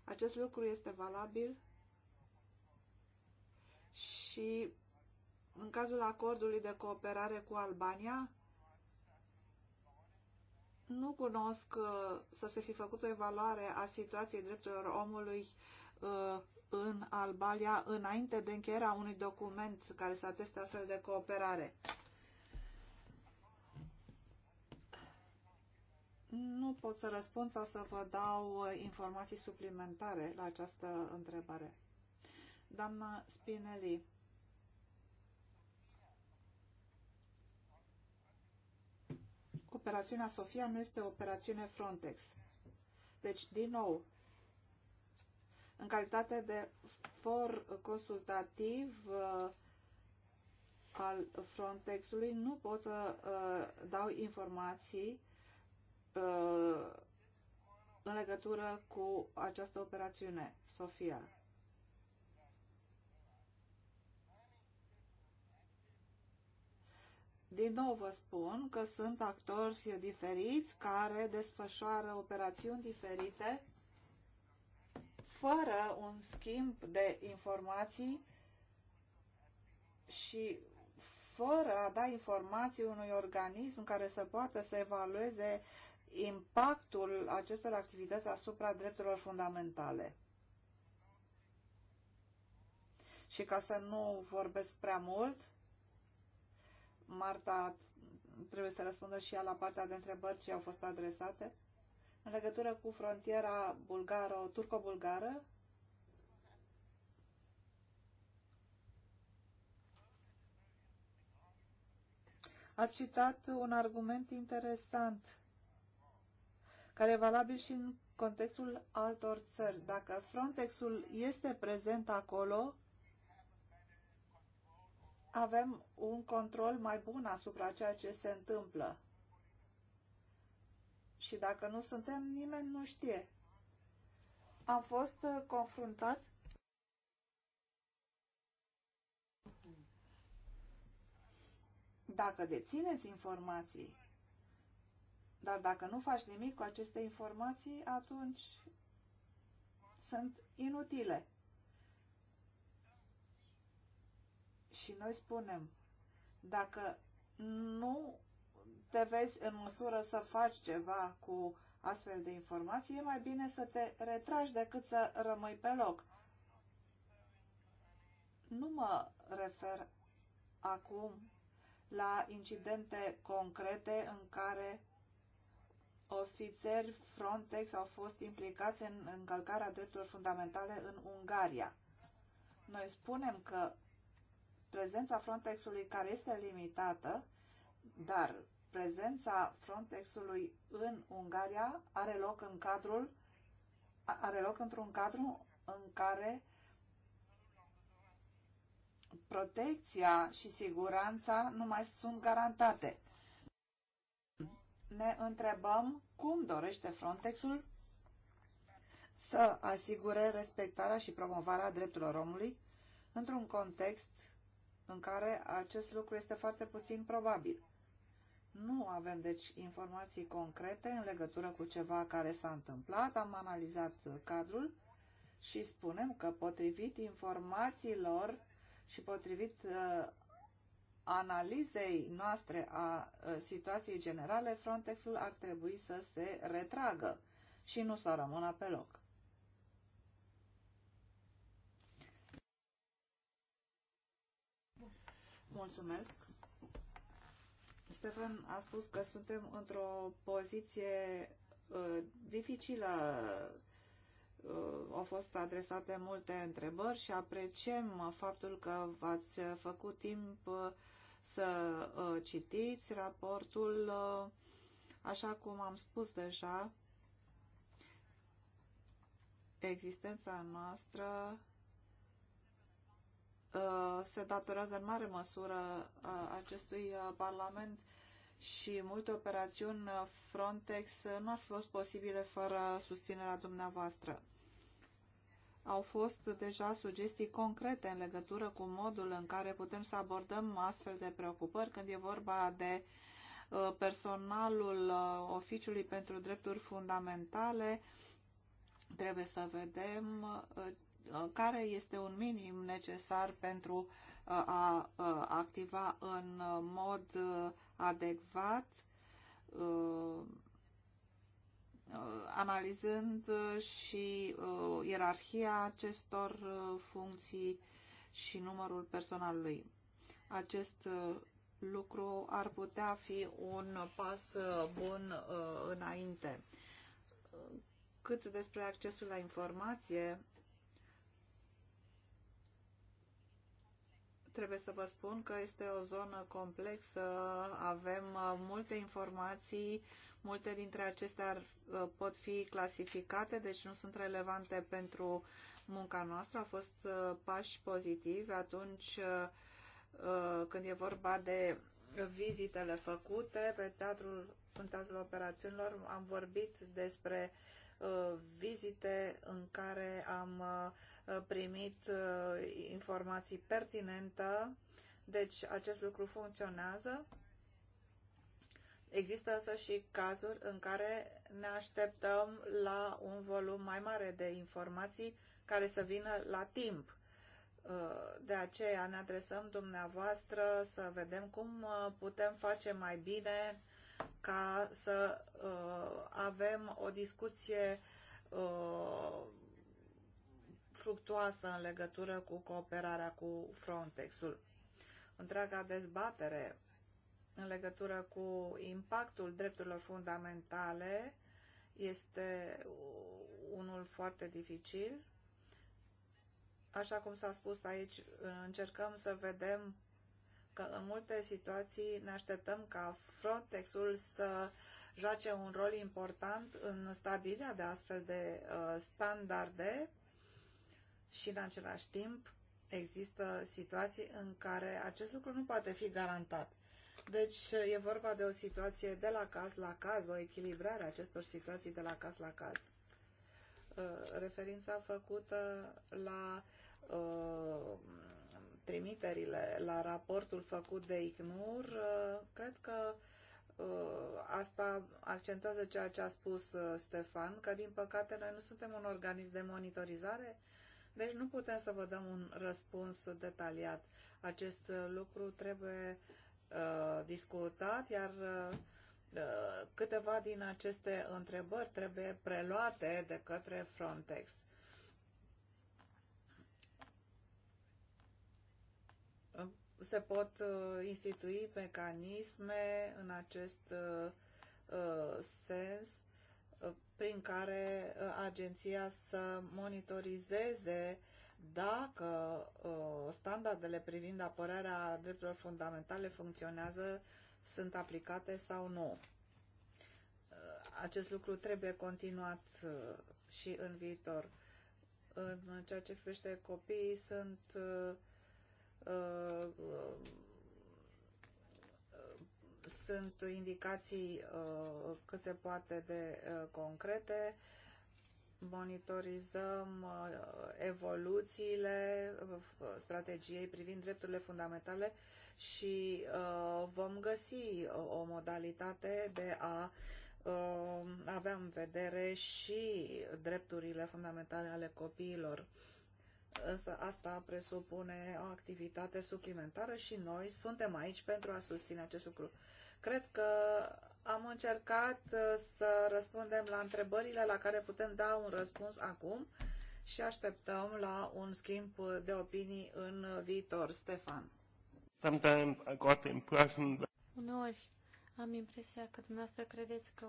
Acest lucru este valabil și în cazul acordului de cooperare cu Albania, nu cunosc uh, să se fi făcut o evaluare a situației drepturilor omului uh, în Albania înainte de încheierea unui document care să ateste astfel de cooperare. Nu pot să răspund sau să vă dau uh, informații suplimentare la această întrebare. Doamna Spinelli, operațiunea Sofia nu este o operațiune Frontex. Deci, din nou, în calitate de for consultativ uh, al Frontexului, nu pot să uh, dau informații uh, în legătură cu această operațiune, Sofia. Din nou vă spun că sunt actori diferiți care desfășoară operațiuni diferite fără un schimb de informații și fără a da informații unui organism care să poată să evalueze impactul acestor activități asupra drepturilor fundamentale. Și ca să nu vorbesc prea mult, Marta trebuie să răspundă și ea la partea de întrebări ce au fost adresate. În legătură cu frontiera bulgaro-turco-bulgară, ați citat un argument interesant care e valabil și în contextul altor țări. Dacă Frontexul este prezent acolo, avem un control mai bun asupra ceea ce se întâmplă. Și dacă nu suntem, nimeni nu știe. Am fost uh, confruntat dacă dețineți informații, dar dacă nu faci nimic cu aceste informații, atunci sunt inutile. Și noi spunem, dacă nu te vezi în măsură să faci ceva cu astfel de informații, e mai bine să te retragi decât să rămâi pe loc. Nu mă refer acum la incidente concrete în care ofițeri Frontex au fost implicați în încălcarea drepturilor fundamentale în Ungaria. Noi spunem că prezența Frontexului care este limitată, dar prezența Frontexului în Ungaria are loc în cadrul are loc într-un cadru în care protecția și siguranța nu mai sunt garantate. Ne întrebăm cum dorește Frontexul să asigure respectarea și promovarea drepturilor omului într-un context în care acest lucru este foarte puțin probabil. Nu avem, deci, informații concrete în legătură cu ceva care s-a întâmplat, am analizat cadrul și spunem că potrivit informațiilor și potrivit uh, analizei noastre a uh, situației generale, Frontexul ar trebui să se retragă și nu să rămână pe loc. Mulțumesc. Stefan a spus că suntem într-o poziție uh, dificilă. Uh, au fost adresate multe întrebări și apreciem faptul că v-ați făcut timp uh, să uh, citiți raportul. Uh, așa cum am spus deja, existența noastră Uh, se datorează în mare măsură uh, acestui uh, Parlament și multe operațiuni Frontex nu ar fi fost posibile fără susținerea dumneavoastră. Au fost deja sugestii concrete în legătură cu modul în care putem să abordăm astfel de preocupări când e vorba de personalul Oficiului pentru Drepturi Fundamentale. Trebuie să vedem Uh, care este un minim necesar pentru uh, a uh, activa în mod adecvat, analizând și ierarhia acestor funcții și numărul personalului. Acest lucru ar putea fi un pas bun înainte cât despre accesul la informație, Trebuie să vă spun că este o zonă complexă, avem uh, multe informații, multe dintre acestea uh, pot fi clasificate, deci nu sunt relevante pentru munca noastră. Au fost uh, pași pozitivi atunci când e vorba de vizitele făcute pe teatrul, în teatrul operațiunilor. Am vorbit despre Uh, vizite în care am uh, primit uh, informații pertinentă, deci acest lucru funcționează. Există însă și cazuri în care ne așteptăm la un volum mai mare de informații care să vină la timp. De aceea ne adresăm dumneavoastră să vedem cum putem face mai bine ca să uh, avem o discuție uh, fructuoasă în legătură cu cooperarea cu Frontexul. Întreaga dezbatere în legătură cu impactul drepturilor fundamentale este unul foarte dificil. Așa cum s-a spus aici, încercăm să vedem că în multe situații ne așteptăm ca Frontexul să joace un rol important în stabilirea de astfel de uh, standarde și în același timp există situații în care acest lucru nu poate fi garantat. Deci uh, e vorba de o situație de la caz la caz, o echilibrare a acestor situații de la caz la caz. Uh, referința făcută la uh, trimiterile la raportul făcut de ICNUR, uh, cred că uh, asta accentuează ceea ce a spus uh, Stefan, că din păcate noi nu suntem un organism de monitorizare, deci nu putem să vă dăm un răspuns detaliat. Acest lucru trebuie discutat, iar câteva din aceste întrebări trebuie preluate de către Frontex. se pot uh, institui mecanisme în acest uh, uh, sens prin care agenția să monitorizeze dacă standardele privind apărarea drepturilor fundamentale funcționează, sunt aplicate sau nu. Acest lucru trebuie continuat și în viitor. În ceea ce privește copiii, sunt uh, sunt indicații uh, cât se poate de uh, concrete, monitorizăm uh, evoluțiile uh, strategiei privind drepturile fundamentale și uh, vom găsi uh, o modalitate de a avea în vedere și drepturile fundamentale ale copiilor. Însă asta presupune o activitate suplimentară și noi suntem aici pentru a susține acest lucru. Cred că am încercat uh, să răspundem la întrebările la care putem da un răspuns acum și așteptăm la un schimb de opinii în viitor. Stefan. Uneori am impresia că dumneavoastră credeți că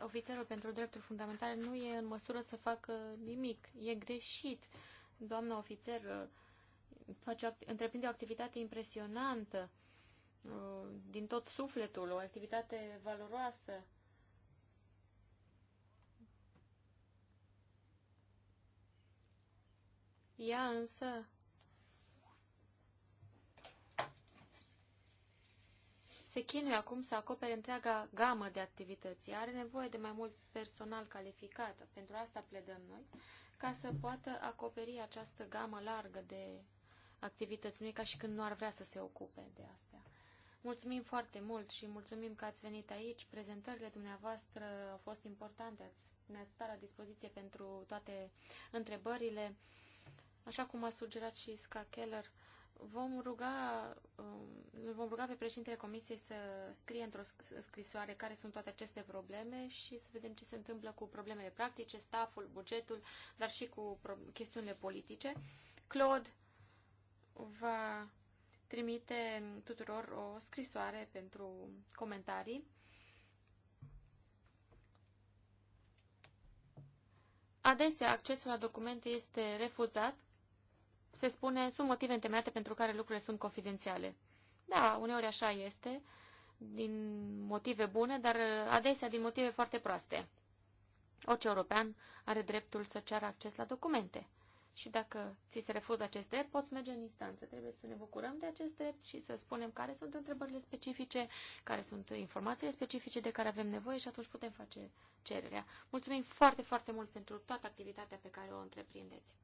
ofițerul pentru drepturi fundamentale nu e în măsură să facă nimic. E greșit. Uh, doamna ofițer uh, face, întreprinde o activitate impresionantă uh, din tot sufletul, o activitate valoroasă. Ea însă se chinuie acum să acopere întreaga gamă de activități. Are nevoie de mai mult personal calificat. Pentru asta pledăm noi ca să poată acoperi această gamă largă de activități. Nu e ca și când nu ar vrea să se ocupe de astea. Mulțumim foarte mult și mulțumim că ați venit aici. Prezentările dumneavoastră au fost importante. Ați, ne-ați stat la dispoziție pentru toate întrebările. Așa cum a sugerat și Ska Keller, vom ruga, um, vom ruga pe președintele Comisiei să scrie într-o scrisoare care sunt toate aceste probleme și să vedem ce se întâmplă cu problemele practice, staful, bugetul, dar și cu chestiunile politice. Claude va trimite tuturor o scrisoare pentru comentarii. Adesea accesul la documente este refuzat se spune, sunt motive întemeiate pentru care lucrurile sunt confidențiale. Da, uneori așa este, din motive bune, dar adesea din motive foarte proaste. Orice european are dreptul să ceară acces la documente. Și dacă ți se refuză acest drept, poți merge în instanță. Trebuie să ne bucurăm de acest drept și să spunem care sunt întrebările specifice, care sunt informațiile specifice de care avem nevoie și atunci putem face cererea. Mulțumim foarte, foarte mult pentru toată activitatea pe care o întreprindeți.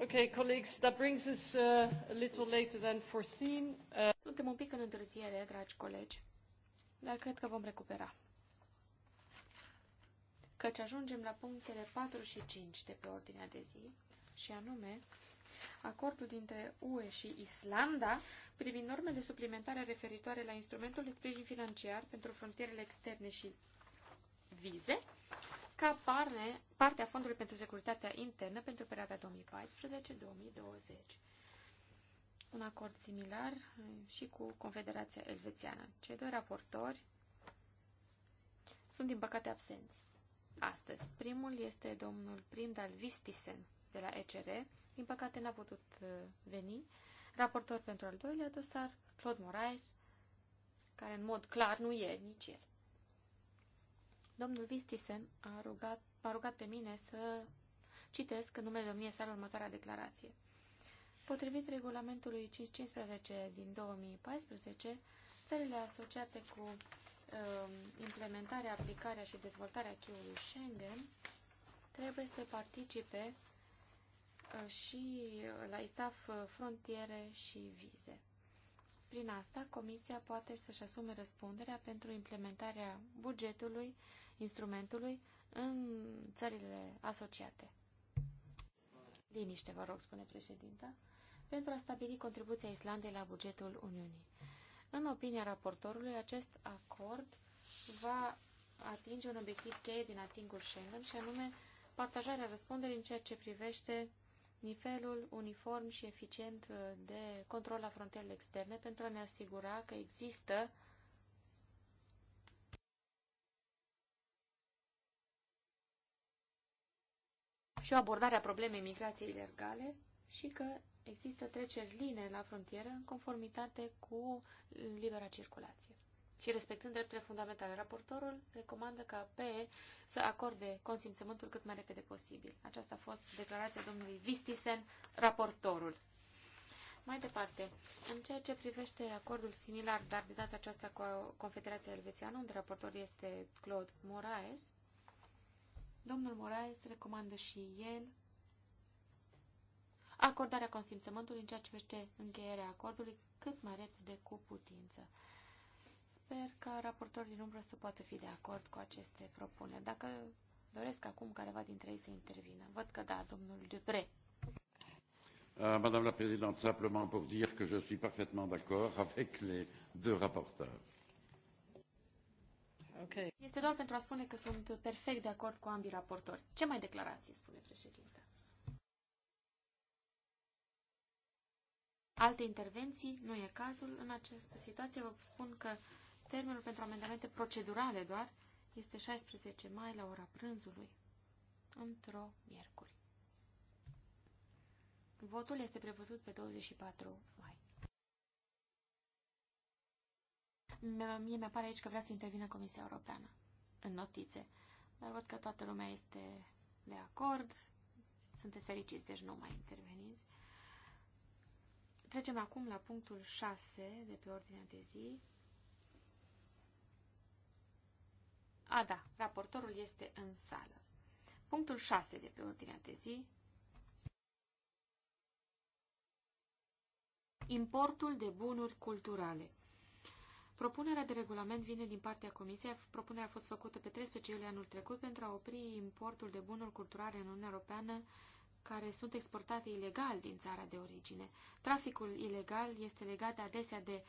Okay, colleagues, that brings us uh, a little later than foreseen. Uh... Suntem un pic în întârziere, dragi colegi, dar cred că vom recupera. Căci ajungem la punctele 4 și 5 de pe ordinea de zi, și anume acordul dintre UE și Islanda privind normele suplimentare referitoare la instrumentul de sprijin financiar pentru frontierele externe și vize ca parte, parte a Fondului pentru Securitatea Internă pentru perioada 2014-2020. Un acord similar uh, și cu Confederația Elvețiană. Cei doi raportori sunt, din păcate, absenți astăzi. Primul este domnul Primdal Vistisen de la ECR. Din păcate n-a putut uh, veni. Raportor pentru al doilea dosar, Claude Moraes, care în mod clar nu e nici el. Domnul Vistisen a rugat, a rugat pe mine să citesc în numele domniei sale următoarea declarație. Potrivit regulamentului 515 din 2014, țările asociate cu uh, implementarea, aplicarea și dezvoltarea acquis Schengen trebuie să participe uh, și la ISAF uh, frontiere și vize. Prin asta, Comisia poate să-și asume răspunderea pentru implementarea bugetului, instrumentului, în țările asociate. Liniște, vă rog, spune președinta, pentru a stabili contribuția Islandei la bugetul Uniunii. În opinia raportorului, acest acord va atinge un obiectiv cheie din atingul Schengen și anume partajarea răspunderii în ceea ce privește nivelul uniform și eficient uh, de control la frontierele externe pentru a ne asigura că există și o abordare a problemei migrației ilegale și că există treceri line la frontieră în conformitate cu libera circulație și respectând drepturile fundamentale. Raportorul recomandă ca PE să acorde consimțământul cât mai repede posibil. Aceasta a fost declarația domnului Vistisen, raportorul. Mai departe, în ceea ce privește acordul similar, dar de data aceasta cu Confederația Elvețiană, unde raportor este Claude Moraes, domnul Moraes recomandă și el acordarea consimțământului în ceea ce privește încheierea acordului cât mai repede cu putință. Sper ca raportorii din umbră să poată fi de acord cu aceste propuneri. Dacă doresc acum careva dintre ei să intervină. Văd că da, domnul Dupre. Ah, Madame la Présidente, simplement pour dire que je suis parfaitement d'accord avec les deux rapporteurs. Okay. Este doar pentru a spune că sunt perfect de acord cu ambii raportori. Ce mai declarații, spune președinta? Alte intervenții? Nu e cazul. În această situație vă spun că Termenul pentru amendamente procedurale doar este 16 mai la ora prânzului, într-o miercuri. Votul este prevăzut pe 24 mai. Mie mi-apare aici că vrea să intervină Comisia Europeană în notițe, dar văd că toată lumea este de acord, sunteți fericiți, deci nu mai interveniți. Trecem acum la punctul 6 de pe ordinea de zi, A, da, raportorul este în sală. Punctul 6 de pe ordinea de zi. Importul de bunuri culturale. Propunerea de regulament vine din partea Comisiei. Propunerea a fost făcută pe 13 iulie anul trecut pentru a opri importul de bunuri culturale în Uniunea Europeană care sunt exportate ilegal din țara de origine. Traficul ilegal este legat adesea de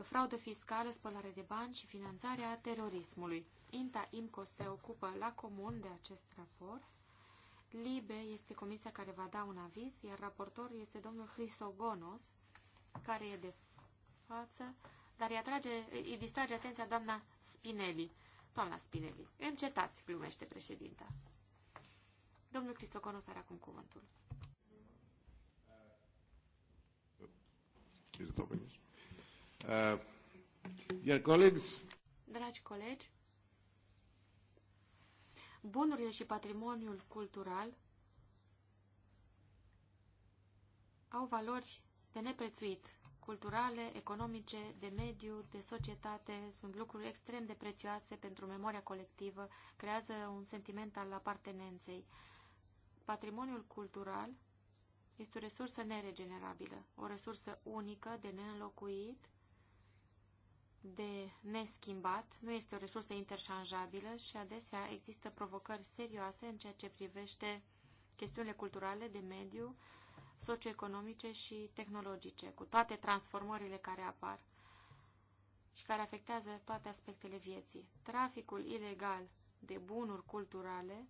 fraudă fiscală, spălare de bani și finanțarea terorismului. INTA IMCO se ocupă la comun de acest raport. LIBE este comisia care va da un aviz, iar raportor este domnul Hrisogonos, care e de față, dar îi, atrage, îi distrage atenția doamna Spinelli. Doamna Spinelli, încetați, glumește președinta. Domnul Cristoconos are acum cuvântul. Is it open? Yes. Uh, dear colleagues, Dragi colegi, bunurile și patrimoniul cultural au valori de neprețuit, culturale, economice, de mediu, de societate, sunt lucruri extrem de prețioase pentru memoria colectivă, creează un sentiment al apartenenței. Patrimoniul cultural este o resursă neregenerabilă, o resursă unică de neînlocuit, de neschimbat, nu este o resursă interșanjabilă și adesea există provocări serioase în ceea ce privește chestiunile culturale, de mediu, socioeconomice și tehnologice, cu toate transformările care apar și care afectează toate aspectele vieții. Traficul ilegal de bunuri culturale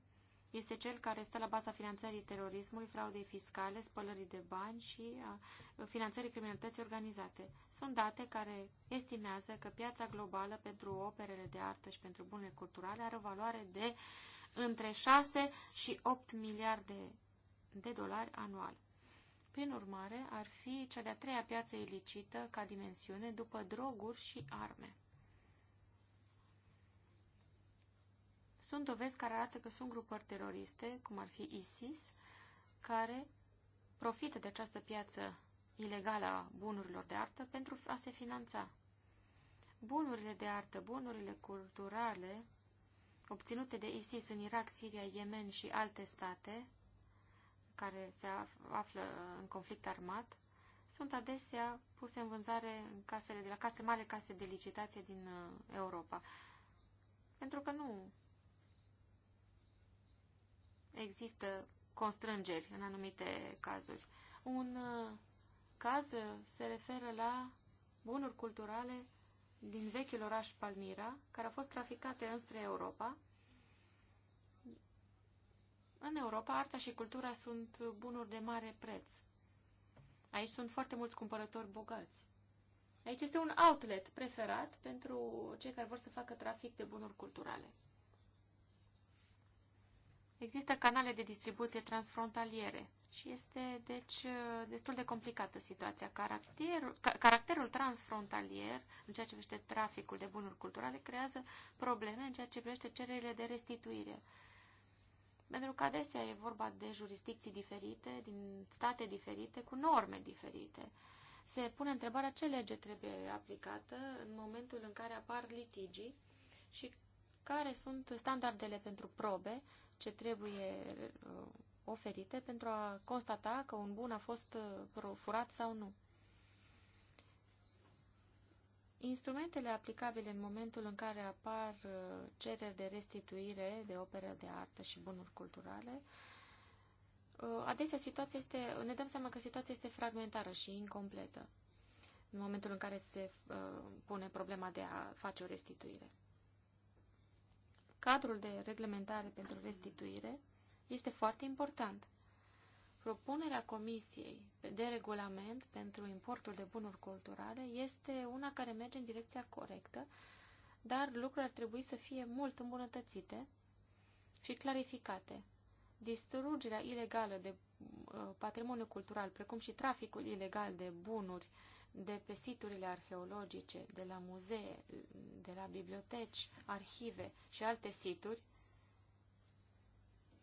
este cel care stă la baza finanțării terorismului, fraudei fiscale, spălării de bani și a finanțării criminalității organizate. Sunt date care estimează că piața globală pentru operele de artă și pentru bunurile culturale are o valoare de între 6 și 8 miliarde de dolari anual. Prin urmare, ar fi cea de-a treia piață ilicită ca dimensiune după droguri și arme. Sunt dovezi care arată că sunt grupări teroriste, cum ar fi ISIS, care profită de această piață ilegală a bunurilor de artă pentru a se finanța. Bunurile de artă, bunurile culturale obținute de ISIS în Irak, Siria, Yemen și alte state care se află în conflict armat, sunt adesea puse în vânzare în casele de la case mari, case de licitație din uh, Europa. Pentru că nu există constrângeri în anumite cazuri. Un uh, caz uh, se referă la bunuri culturale din vechiul oraș Palmira, care au fost traficate înspre Europa. În Europa, arta și cultura sunt bunuri de mare preț. Aici sunt foarte mulți cumpărători bogați. Aici este un outlet preferat pentru cei care vor să facă trafic de bunuri culturale. Există canale de distribuție transfrontaliere și este, deci, destul de complicată situația. Caracterul, caracterul transfrontalier, în ceea ce privește traficul de bunuri culturale, creează probleme în ceea ce privește cererile de restituire. Pentru că adesea e vorba de jurisdicții diferite, din state diferite, cu norme diferite. Se pune întrebarea ce lege trebuie aplicată în momentul în care apar litigii și care sunt standardele pentru probe ce trebuie uh, oferite pentru a constata că un bun a fost uh, furat sau nu. Instrumentele aplicabile în momentul în care apar uh, cereri de restituire de opere de artă și bunuri culturale, adesea situația este, ne dăm seama că situația este fragmentară și incompletă în momentul în care se pune problema de a face o restituire cadrul de reglementare pentru restituire este foarte important. Propunerea Comisiei de regulament pentru importul de bunuri culturale este una care merge în direcția corectă, dar lucrurile ar trebui să fie mult îmbunătățite și clarificate. Distrugerea ilegală de uh, patrimoniu cultural, precum și traficul ilegal de bunuri de pe siturile arheologice, de la muzee, de la biblioteci, arhive și alte situri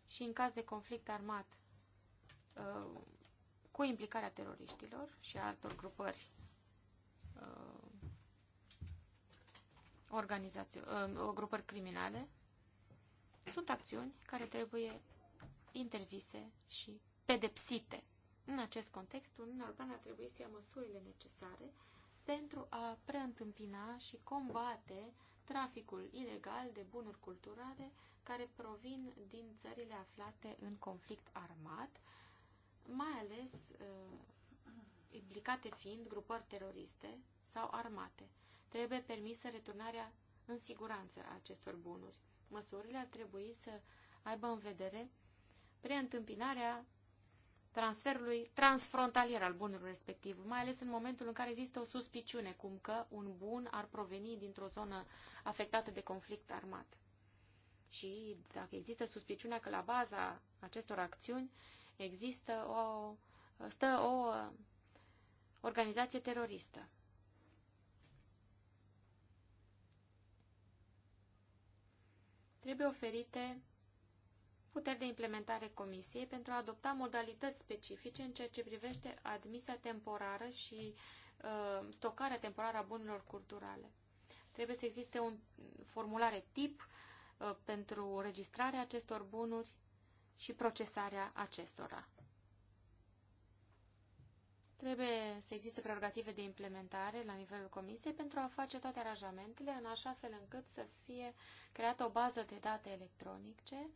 și în caz de conflict armat uh, cu implicarea teroriștilor și a altor grupări uh, organizații, uh, grupări criminale, sunt acțiuni care trebuie interzise și pedepsite. În acest context, Uniunea Europeană ar trebui să ia măsurile necesare pentru a preîntâmpina și combate traficul ilegal de bunuri culturale care provin din țările aflate în conflict armat, mai ales uh, implicate fiind grupări teroriste sau armate. Trebuie permisă returnarea în siguranță a acestor bunuri. Măsurile ar trebui să aibă în vedere preîntâmpinarea transferului transfrontalier al bunurilor respectiv, mai ales în momentul în care există o suspiciune cum că un bun ar proveni dintr-o zonă afectată de conflict armat. Și dacă există suspiciunea că la baza acestor acțiuni există o, stă o organizație teroristă. Trebuie oferite puteri de implementare Comisiei pentru a adopta modalități specifice în ceea ce privește admisia temporară și uh, stocarea temporară a bunurilor culturale. Trebuie să existe un formulare tip uh, pentru registrarea acestor bunuri și procesarea acestora. Trebuie să existe prerogative de implementare la nivelul comisiei pentru a face toate aranjamentele în așa fel încât să fie creată o bază de date electronice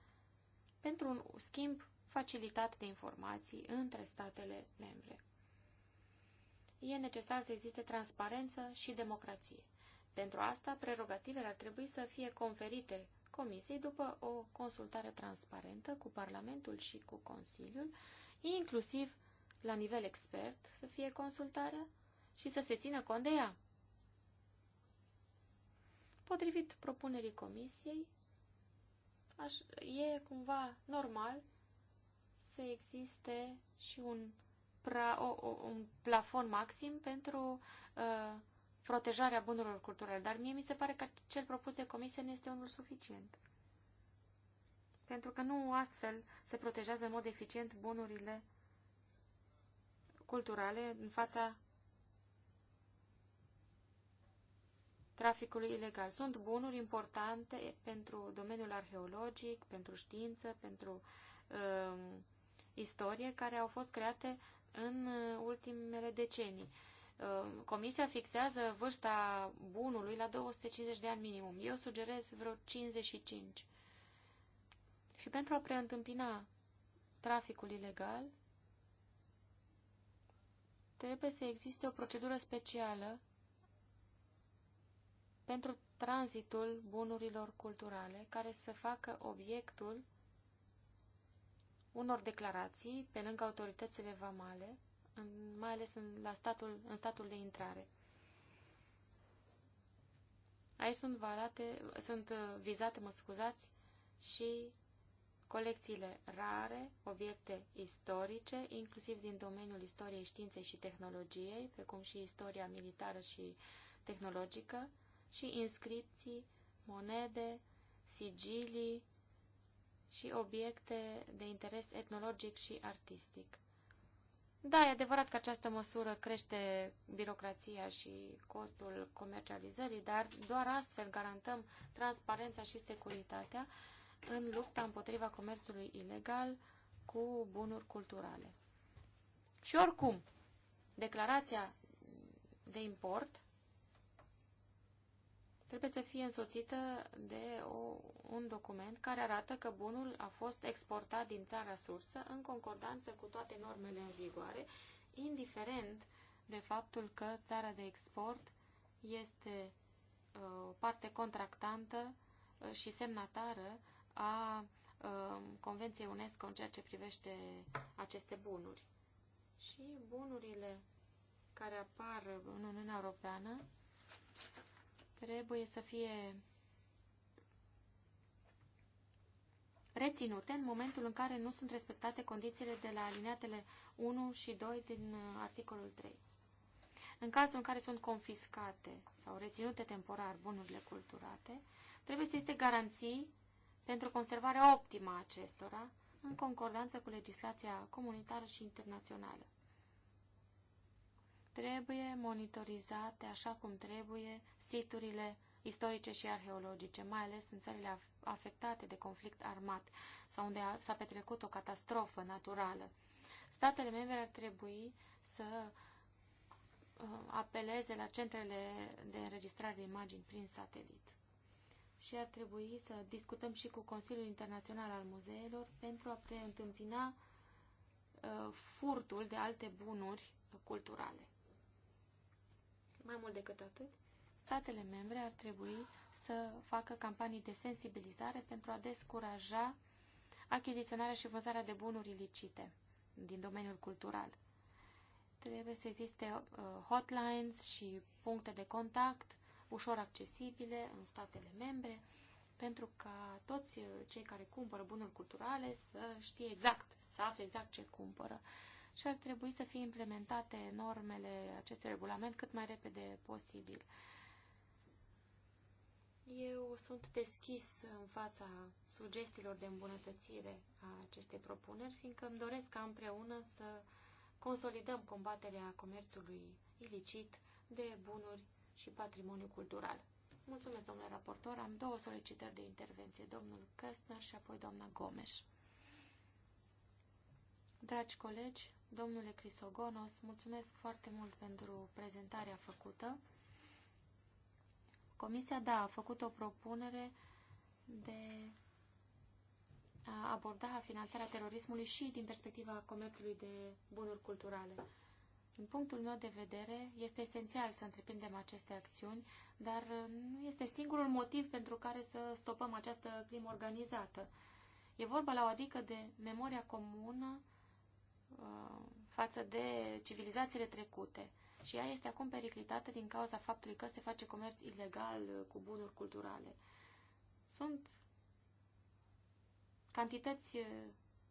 pentru un schimb facilitat de informații între statele membre. E necesar să existe transparență și democrație. Pentru asta, prerogativele ar trebui să fie conferite Comisiei după o consultare transparentă cu Parlamentul și cu Consiliul, inclusiv la nivel expert să fie consultarea și să se țină cont de ea. Potrivit propunerii Comisiei, aș, e cumva normal să existe și un, pra, o, o, un plafon maxim pentru uh, protejarea bunurilor culturale, dar mie mi se pare că cel propus de comisie nu este unul suficient. Pentru că nu astfel se protejează în mod eficient bunurile culturale în fața traficului ilegal. Sunt bunuri importante pentru domeniul arheologic, pentru știință, pentru uh, istorie, care au fost create în uh, ultimele decenii. Um, comisia fixează vârsta bunului la 250 de ani minimum. Eu sugerez vreo 55. Și pentru a preîntâmpina traficul ilegal, trebuie să existe o procedură specială pentru tranzitul bunurilor culturale care să facă obiectul unor declarații pe lângă autoritățile vamale, în, mai ales în, la statul, în statul de intrare. Aici sunt, valate, sunt uh, vizate, mă scuzați, și colecțiile rare, obiecte istorice, inclusiv din domeniul istoriei științei și tehnologiei, precum și istoria militară și tehnologică, și inscripții, monede, sigilii și obiecte de interes etnologic și artistic. Da, e adevărat că această măsură crește birocrația și costul comercializării, dar doar astfel garantăm transparența și securitatea în lupta împotriva comerțului ilegal cu bunuri culturale. Și oricum, declarația de import trebuie să fie însoțită de o, un document care arată că bunul a fost exportat din țara sursă în concordanță cu toate normele în vigoare, indiferent de faptul că țara de export este uh, parte contractantă uh, și semnatară a uh, Convenției UNESCO în ceea ce privește aceste bunuri. Și bunurile care apar în Uniunea Europeană trebuie să fie reținute în momentul în care nu sunt respectate condițiile de la alineatele 1 și 2 din uh, articolul 3. În cazul în care sunt confiscate sau reținute temporar bunurile culturate, trebuie să existe garanții pentru conservarea optimă a acestora, în concordanță cu legislația comunitară și internațională. Trebuie monitorizate așa cum trebuie siturile istorice și arheologice, mai ales în țările afectate de conflict armat sau unde s-a petrecut o catastrofă naturală. Statele membre ar trebui să uh, apeleze la centrele de înregistrare de imagini prin satelit. Și ar trebui să discutăm și cu Consiliul Internațional al Muzeelor pentru a preîntâmpina uh, furtul de alte bunuri culturale. Mai mult decât atât, statele membre ar trebui să facă campanii de sensibilizare pentru a descuraja achiziționarea și vânzarea de bunuri ilicite din domeniul cultural. Trebuie să existe uh, hotlines și puncte de contact ușor accesibile în statele membre pentru ca toți uh, cei care cumpără bunuri culturale să știe exact, să afle exact ce cumpără și ar trebui să fie implementate normele acestui regulament cât mai repede posibil. Eu sunt deschis în fața sugestiilor de îmbunătățire a acestei propuneri, fiindcă îmi doresc ca împreună să consolidăm combaterea comerțului ilicit de bunuri și patrimoniu cultural. Mulțumesc, domnule raportor. Am două solicitări de intervenție, domnul Căstner și apoi doamna Gomes. Dragi colegi, domnule Crisogonos, mulțumesc foarte mult pentru prezentarea făcută. Comisia, da, a făcut o propunere de a aborda finanțarea terorismului și din perspectiva comerțului de bunuri culturale. Din punctul meu de vedere, este esențial să întreprindem aceste acțiuni, dar nu este singurul motiv pentru care să stopăm această crimă organizată. E vorba la o adică de memoria comună Uh, față de civilizațiile trecute și ea este acum periclitată din cauza faptului că se face comerț ilegal uh, cu bunuri culturale. Sunt cantități uh,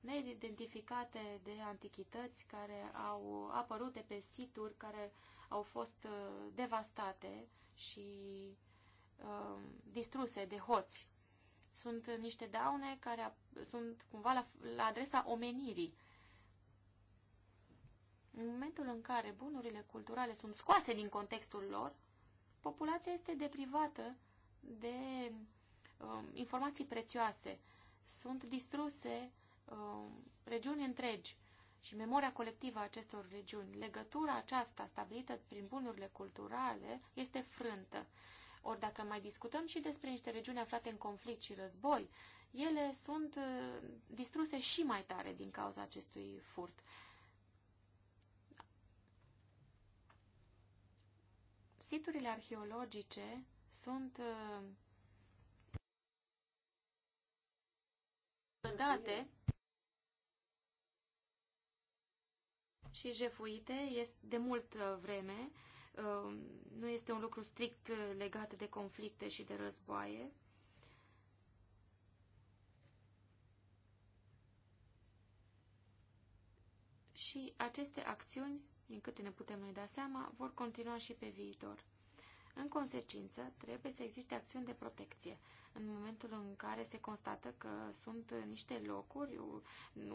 neidentificate de antichități care au apărut de pe situri care au fost devastate și uh, distruse de hoți. Sunt niște daune care sunt cumva la, la adresa omenirii în momentul în care bunurile culturale sunt scoase din contextul lor, populația este deprivată de um, informații prețioase. Sunt distruse um, regiuni întregi și memoria colectivă a acestor regiuni. Legătura aceasta stabilită prin bunurile culturale este frântă. Ori dacă mai discutăm și despre niște regiuni aflate în conflict și război, ele sunt uh, distruse și mai tare din cauza acestui furt. Siturile arheologice sunt uh, date și jefuite este de mult uh, vreme. Uh, nu este un lucru strict legat de conflicte și de războaie. Și aceste acțiuni din câte ne putem noi da seama, vor continua și pe viitor. În consecință, trebuie să existe acțiuni de protecție. În momentul în care se constată că sunt niște locuri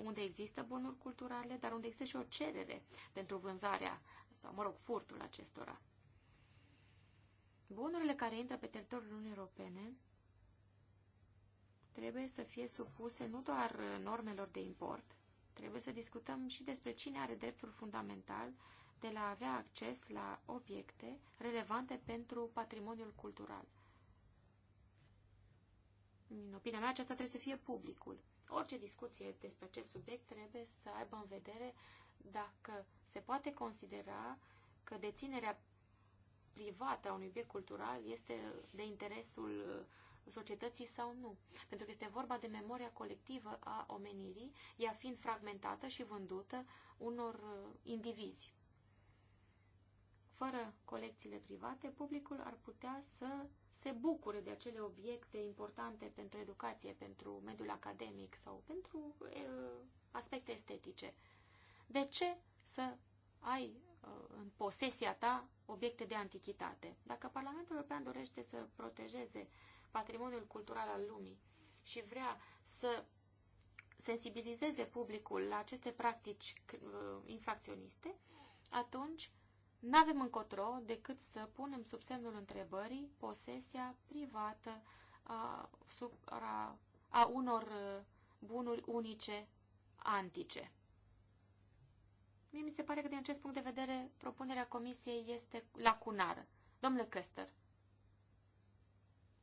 unde există bunuri culturale, dar unde există și o cerere pentru vânzarea sau, mă rog, furtul acestora. Bunurile care intră pe teritoriul Uniunii Europene trebuie să fie supuse nu doar normelor de import, Trebuie să discutăm și despre cine are dreptul fundamental de la a avea acces la obiecte relevante pentru patrimoniul cultural. În opinia mea, aceasta trebuie să fie publicul. Orice discuție despre acest subiect trebuie să aibă în vedere dacă se poate considera că deținerea privată a unui obiect cultural este de interesul societății sau nu. Pentru că este vorba de memoria colectivă a omenirii, ea fiind fragmentată și vândută unor uh, indivizi. Fără colecțiile private, publicul ar putea să se bucure de acele obiecte importante pentru educație, pentru mediul academic sau pentru uh, aspecte estetice. De ce să ai uh, în posesia ta obiecte de antichitate? Dacă Parlamentul European dorește să protejeze patrimoniul cultural al lumii și vrea să sensibilizeze publicul la aceste practici uh, infracționiste, atunci nu avem încotro decât să punem sub semnul întrebării posesia privată a, sub, a, a unor uh, bunuri unice antice. Mie mi se pare că din acest punct de vedere propunerea comisiei este lacunară. Domnule Căster,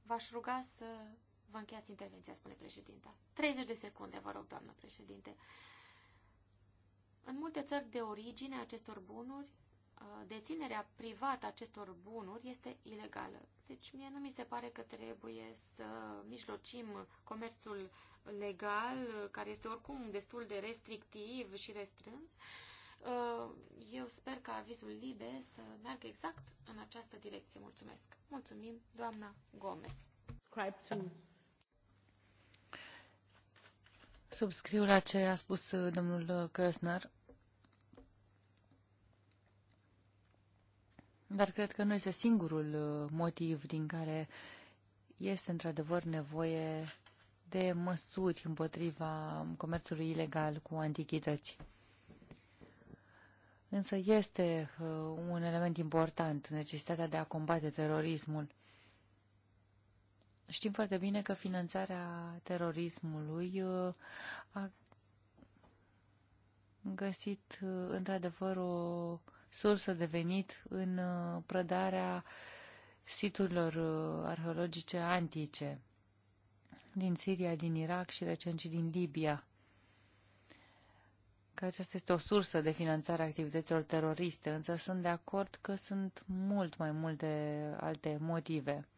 V-aș ruga să vă încheiați intervenția, spune președinta. 30 de secunde, vă rog, doamnă președinte. În multe țări de origine acestor bunuri, uh, deținerea privată acestor bunuri este ilegală. Deci mie nu mi se pare că trebuie să mijlocim comerțul legal, uh, care este oricum destul de restrictiv și restrâns, uh, Uh, eu sper ca avizul LIBE să meargă exact în această direcție. Mulțumesc. Mulțumim, doamna Gomez. Subscriu la ce a spus uh, domnul uh, Căsner. Dar cred că nu este singurul motiv din care este într-adevăr nevoie de măsuri împotriva comerțului ilegal cu antichități însă este uh, un element important, necesitatea de a combate terorismul. Știm foarte bine că finanțarea terorismului uh, a găsit uh, într-adevăr o sursă de venit în prădarea siturilor arheologice antice din Siria, din Irak și recent și din Libia că aceasta este o sursă de finanțare a activităților teroriste, însă sunt de acord că sunt mult mai multe alte motive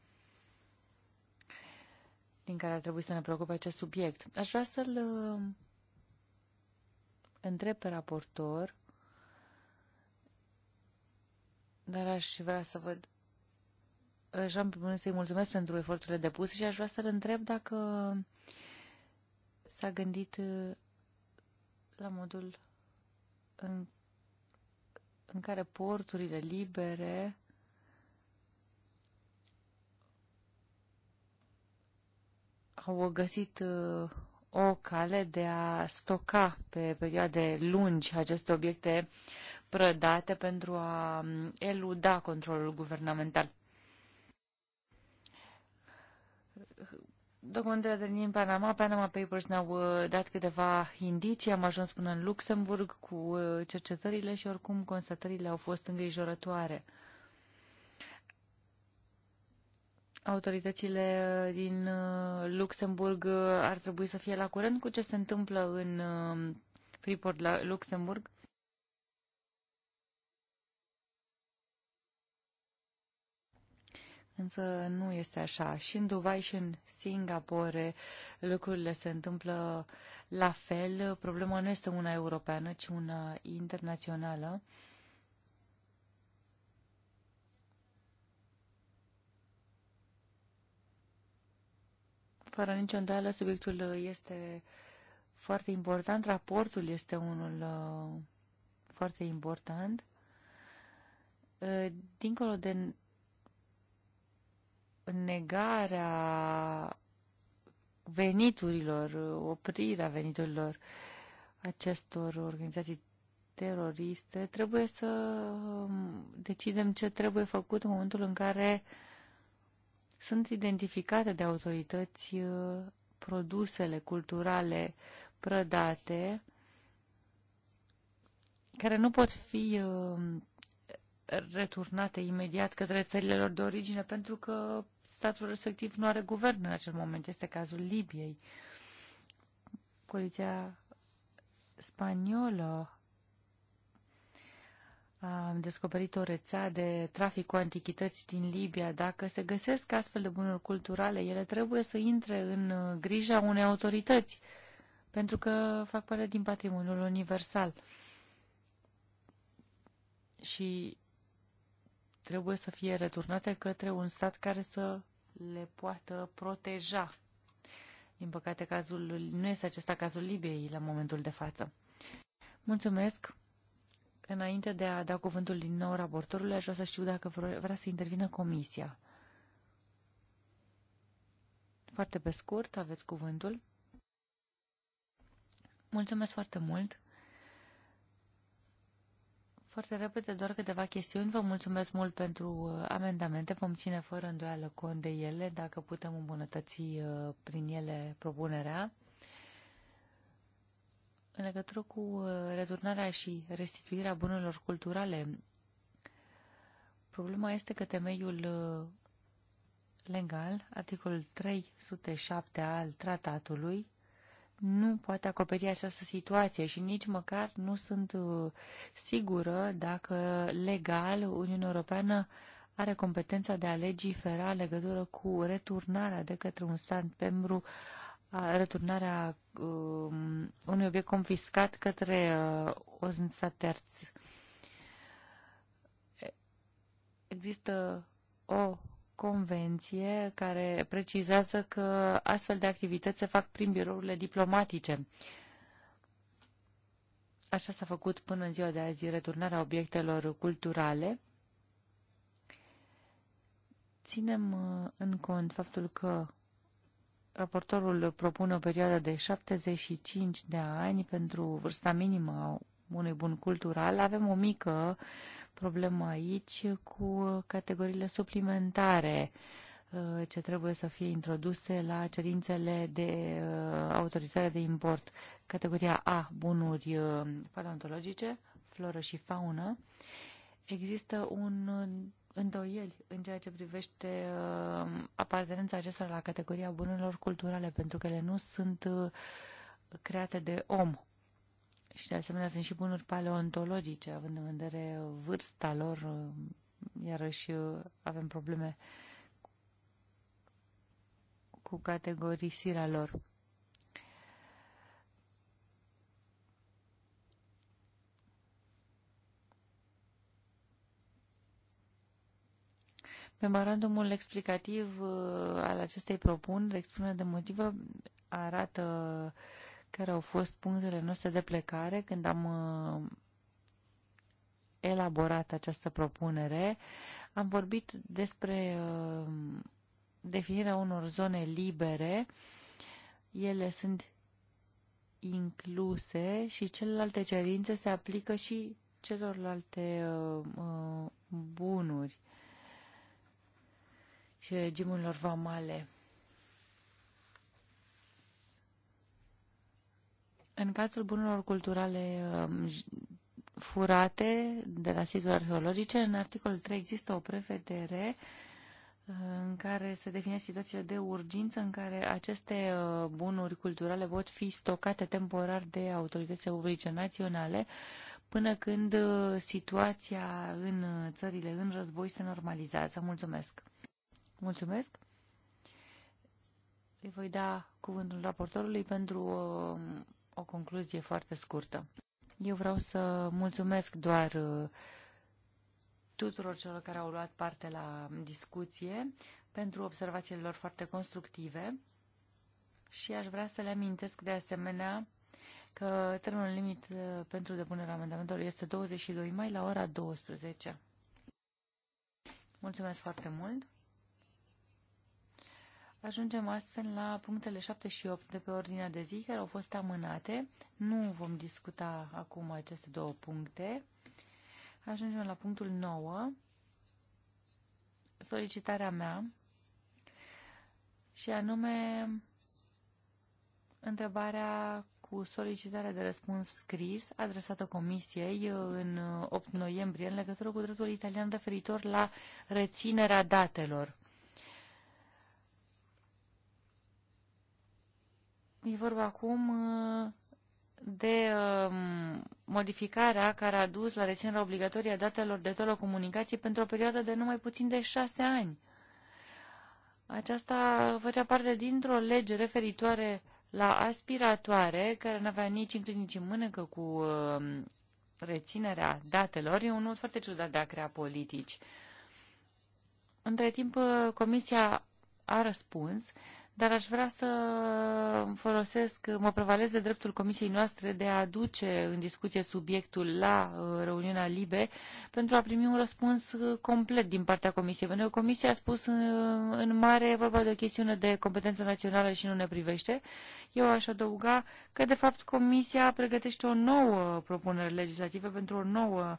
din care ar trebui să ne preocupe acest subiect. Aș vrea să-l uh, întreb pe raportor, dar aș vrea să văd Așa, în primul rând să-i mulțumesc pentru eforturile depuse și aș vrea să-l întreb dacă s-a gândit uh, la modul în, în care porturile libere au găsit uh, o cale de a stoca pe perioade lungi aceste obiecte prădate pentru a um, eluda controlul guvernamental. Documentele în Panama, Panama Papers ne-au uh, dat câteva indicii, am ajuns până în Luxemburg cu uh, cercetările și oricum constatările au fost îngrijorătoare. Autoritățile din uh, Luxemburg ar trebui să fie la curent cu ce se întâmplă în Freeport la Luxemburg. însă nu este așa. Și în Dubai și în Singapore lucrurile se întâmplă la fel. Problema nu este una europeană, ci una internațională. Fără nicio îndoială, subiectul este foarte important, raportul este unul uh, foarte important. Uh, dincolo de negarea veniturilor, oprirea veniturilor acestor organizații teroriste, trebuie să um, decidem ce trebuie făcut în momentul în care sunt identificate de autorități uh, produsele culturale prădate care nu pot fi um, returnate imediat către țările lor de origine pentru că statul respectiv nu are guvern în acel moment. Este cazul Libiei. Poliția spaniolă a descoperit o rețea de trafic cu antichități din Libia. Dacă se găsesc astfel de bunuri culturale, ele trebuie să intre în grija unei autorități, pentru că fac parte din patrimoniul universal. Și trebuie să fie returnate către un stat care să le poată proteja. Din păcate, cazul nu este acesta cazul Libiei la momentul de față. Mulțumesc! Înainte de a da cuvântul din nou raportorului, aș vrea să știu dacă vrea să intervină comisia. Foarte pe scurt, aveți cuvântul. Mulțumesc foarte mult! Foarte repede, doar câteva chestiuni. Vă mulțumesc mult pentru uh, amendamente. Vom ține fără îndoială cont de ele, dacă putem îmbunătăți uh, prin ele propunerea. În legătură cu uh, returnarea și restituirea bunurilor culturale, problema este că temeiul legal, articolul 307 al tratatului, nu poate acoperi această situație și nici măcar nu sunt uh, sigură dacă legal Uniunea Europeană are competența de a legifera legătură cu returnarea de către un stat membru a returnarea uh, unui obiect confiscat către uh, un stat terț. Există o convenție care precizează că astfel de activități se fac prin birourile diplomatice. Așa s-a făcut până în ziua de azi returnarea obiectelor culturale. Ținem uh, în cont faptul că raportorul propune o perioadă de 75 de ani pentru vârsta minimă a unui bun cultural. Avem o mică uh, problemă aici cu categoriile suplimentare uh, ce trebuie să fie introduse la cerințele de uh, autorizare de import. Categoria A, bunuri uh, paleontologice, floră și faună. Există un îndoieli în ceea ce privește apartenența acestora la categoria bunurilor culturale, pentru că ele nu sunt create de om. Și de asemenea sunt și bunuri paleontologice, având în vedere vârsta lor, uh, iarăși uh, avem probleme cu categorisirea lor. Memorandumul explicativ uh, al acestei propuneri, expunere de motive, arată uh, care au fost punctele noastre de plecare când am uh, elaborat această propunere. Am vorbit despre uh, definirea unor zone libere. Ele sunt incluse și celelalte cerințe se aplică și celorlalte uh, bunuri și regimurilor vamale. În cazul bunurilor culturale um, furate de la situri arheologice, în articolul 3 există o prevedere uh, în care se definește situația de urgență în care aceste uh, bunuri culturale pot fi stocate temporar de autoritățile publice naționale până când uh, situația în țările în război se normalizează. Mulțumesc! Mulțumesc! Îi voi da cuvântul raportorului pentru o concluzie foarte scurtă. Eu vreau să mulțumesc doar uh, tuturor celor care au luat parte la discuție pentru observațiile lor foarte constructive și aș vrea să le amintesc de asemenea că termenul limit uh, pentru depunerea amendamentelor este 22 mai la ora 12. Mulțumesc foarte mult! Ajungem astfel la punctele 7 și 8 de pe ordinea de zi, care au fost amânate. Nu vom discuta acum aceste două puncte. Ajungem la punctul 9. Solicitarea mea și anume întrebarea cu solicitarea de răspuns scris adresată Comisiei în 8 noiembrie în legătură cu dreptul italian referitor la reținerea datelor. E vorba acum uh, de uh, modificarea care a dus la reținerea obligatorie a datelor de telecomunicații pentru o perioadă de numai puțin de șase ani. Aceasta făcea parte dintr-o lege referitoare la aspiratoare, care nu avea nici înclin, nici în mânecă cu uh, reținerea datelor. E un mod foarte ciudat de a crea politici. Între timp, Comisia a răspuns dar aș vrea să folosesc, mă prevalez de dreptul comisiei noastre de a aduce în discuție subiectul la uh, reuniunea LIBE pentru a primi un răspuns uh, complet din partea comisiei. Pentru că comisia a spus în, uh, în mare vorba de o chestiune de competență națională și nu ne privește. Eu aș adăuga că, de fapt, comisia pregătește o nouă propunere legislativă pentru o nouă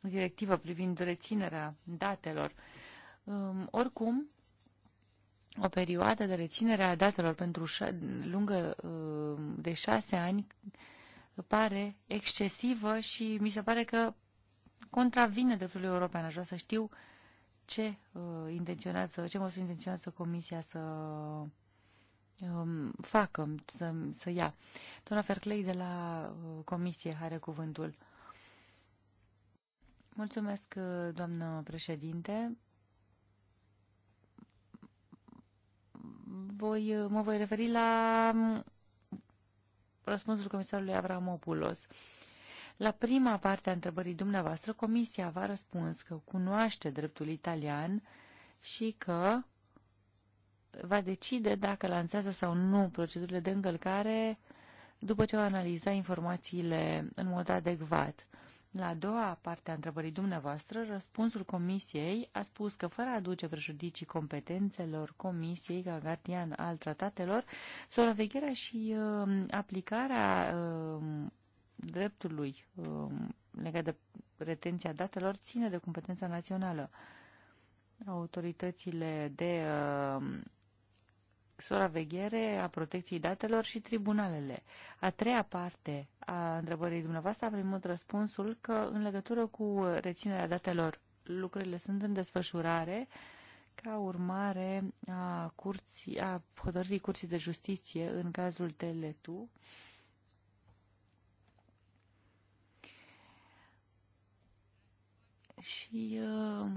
directivă privind reținerea datelor. Um, oricum, o perioadă de reținere a datelor pentru lungă uh, de șase ani pare excesivă și mi se pare că contravine dreptului european. Aș vrea să știu ce uh, intenționează, ce măsuri intenționează Comisia să um, facă, să, să ia. Doamna Ferclei de la uh, Comisie are cuvântul. Mulțumesc, uh, doamnă președinte. voi, mă voi referi la mm, răspunsul comisarului Avramopoulos. La prima parte a întrebării dumneavoastră, comisia v-a răspuns că cunoaște dreptul italian și că va decide dacă lansează sau nu procedurile de încălcare după ce va analiza informațiile în mod adecvat. La a doua parte a întrebării dumneavoastră, răspunsul Comisiei a spus că fără a aduce prejudicii competențelor Comisiei ca gardian al tratatelor, supravegherea și uh, aplicarea uh, dreptului uh, legat de retenția datelor ține de competența națională. Autoritățile de uh, supraveghere a protecției datelor și tribunalele. A treia parte a întrebării dumneavoastră a primit răspunsul că în legătură cu reținerea datelor lucrurile sunt în desfășurare ca urmare a, curții, a hotărârii Curții de Justiție în cazul Teletu. Și uh,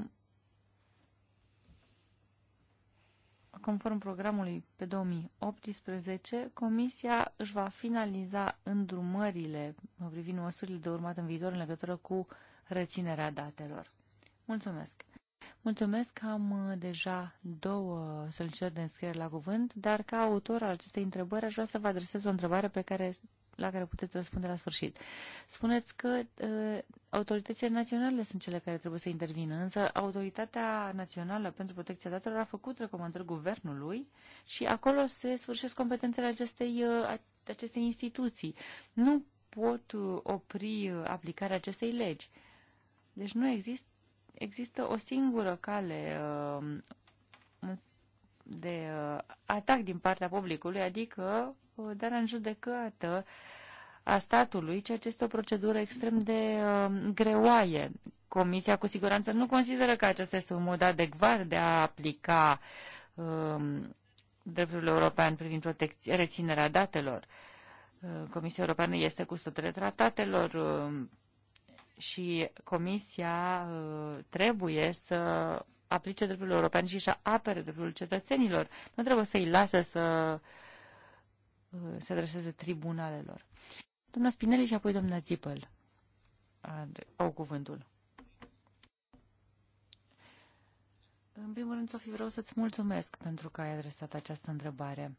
Conform programului pe 2018, Comisia își va finaliza îndrumările privind măsurile de urmat în viitor în legătură cu reținerea datelor. Mulțumesc! Mulțumesc că am uh, deja două solicitări de înscriere la cuvânt, dar ca autor al acestei întrebări aș vrea să vă adresez o întrebare pe care la care puteți răspunde la sfârșit. Spuneți că uh, autoritățile naționale sunt cele care trebuie să intervină, însă Autoritatea Națională pentru Protecția Datelor a făcut recomandări guvernului și acolo se sfârșesc competențele acestei, uh, acestei instituții. Nu pot uh, opri uh, aplicarea acestei legi. Deci nu există, există o singură cale uh, de uh, atac din partea publicului, adică dar în judecată a statului, ceea ce este o procedură extrem de uh, greoaie. Comisia cu siguranță nu consideră că acesta este un mod adecvat de a aplica uh, um, dreptul european privind protecție, reținerea datelor. Uh, Comisia Europeană este custodele tratatelor uh, și Comisia uh, trebuie să aplice dreptul european și să apere dreptul cetățenilor. Nu trebuie să-i lasă să, -i lasă să Uh, se adresează tribunalelor. Doamna Spinelli și apoi doamna Zipăl au cuvântul. În primul rând, Sofie, vreau să-ți mulțumesc pentru că ai adresat această întrebare.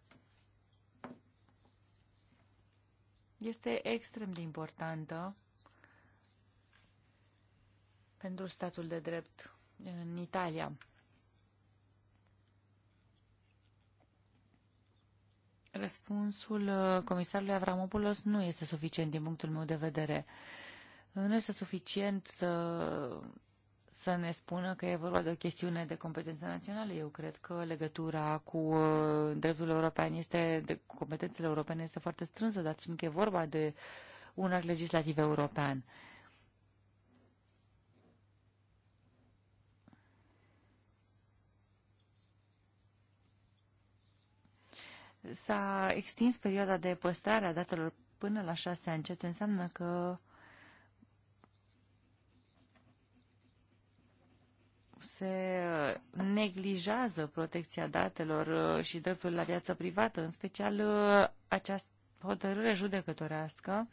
Este extrem de importantă pentru statul de drept în Italia. Răspunsul uh, comisarului Avramopoulos nu este suficient din punctul meu de vedere. Nu este suficient să, să ne spună că e vorba de o chestiune de competență națională. Eu cred că legătura cu uh, dreptul european este, de competențele europene este foarte strânsă, dar fiindcă e vorba de un act legislativ european. Uh, S-a extins perioada de păstrare a datelor până la șase ani, ceea ce înseamnă că se neglijează protecția datelor uh, și dreptul la viață privată, în special uh, această hotărâre judecătorească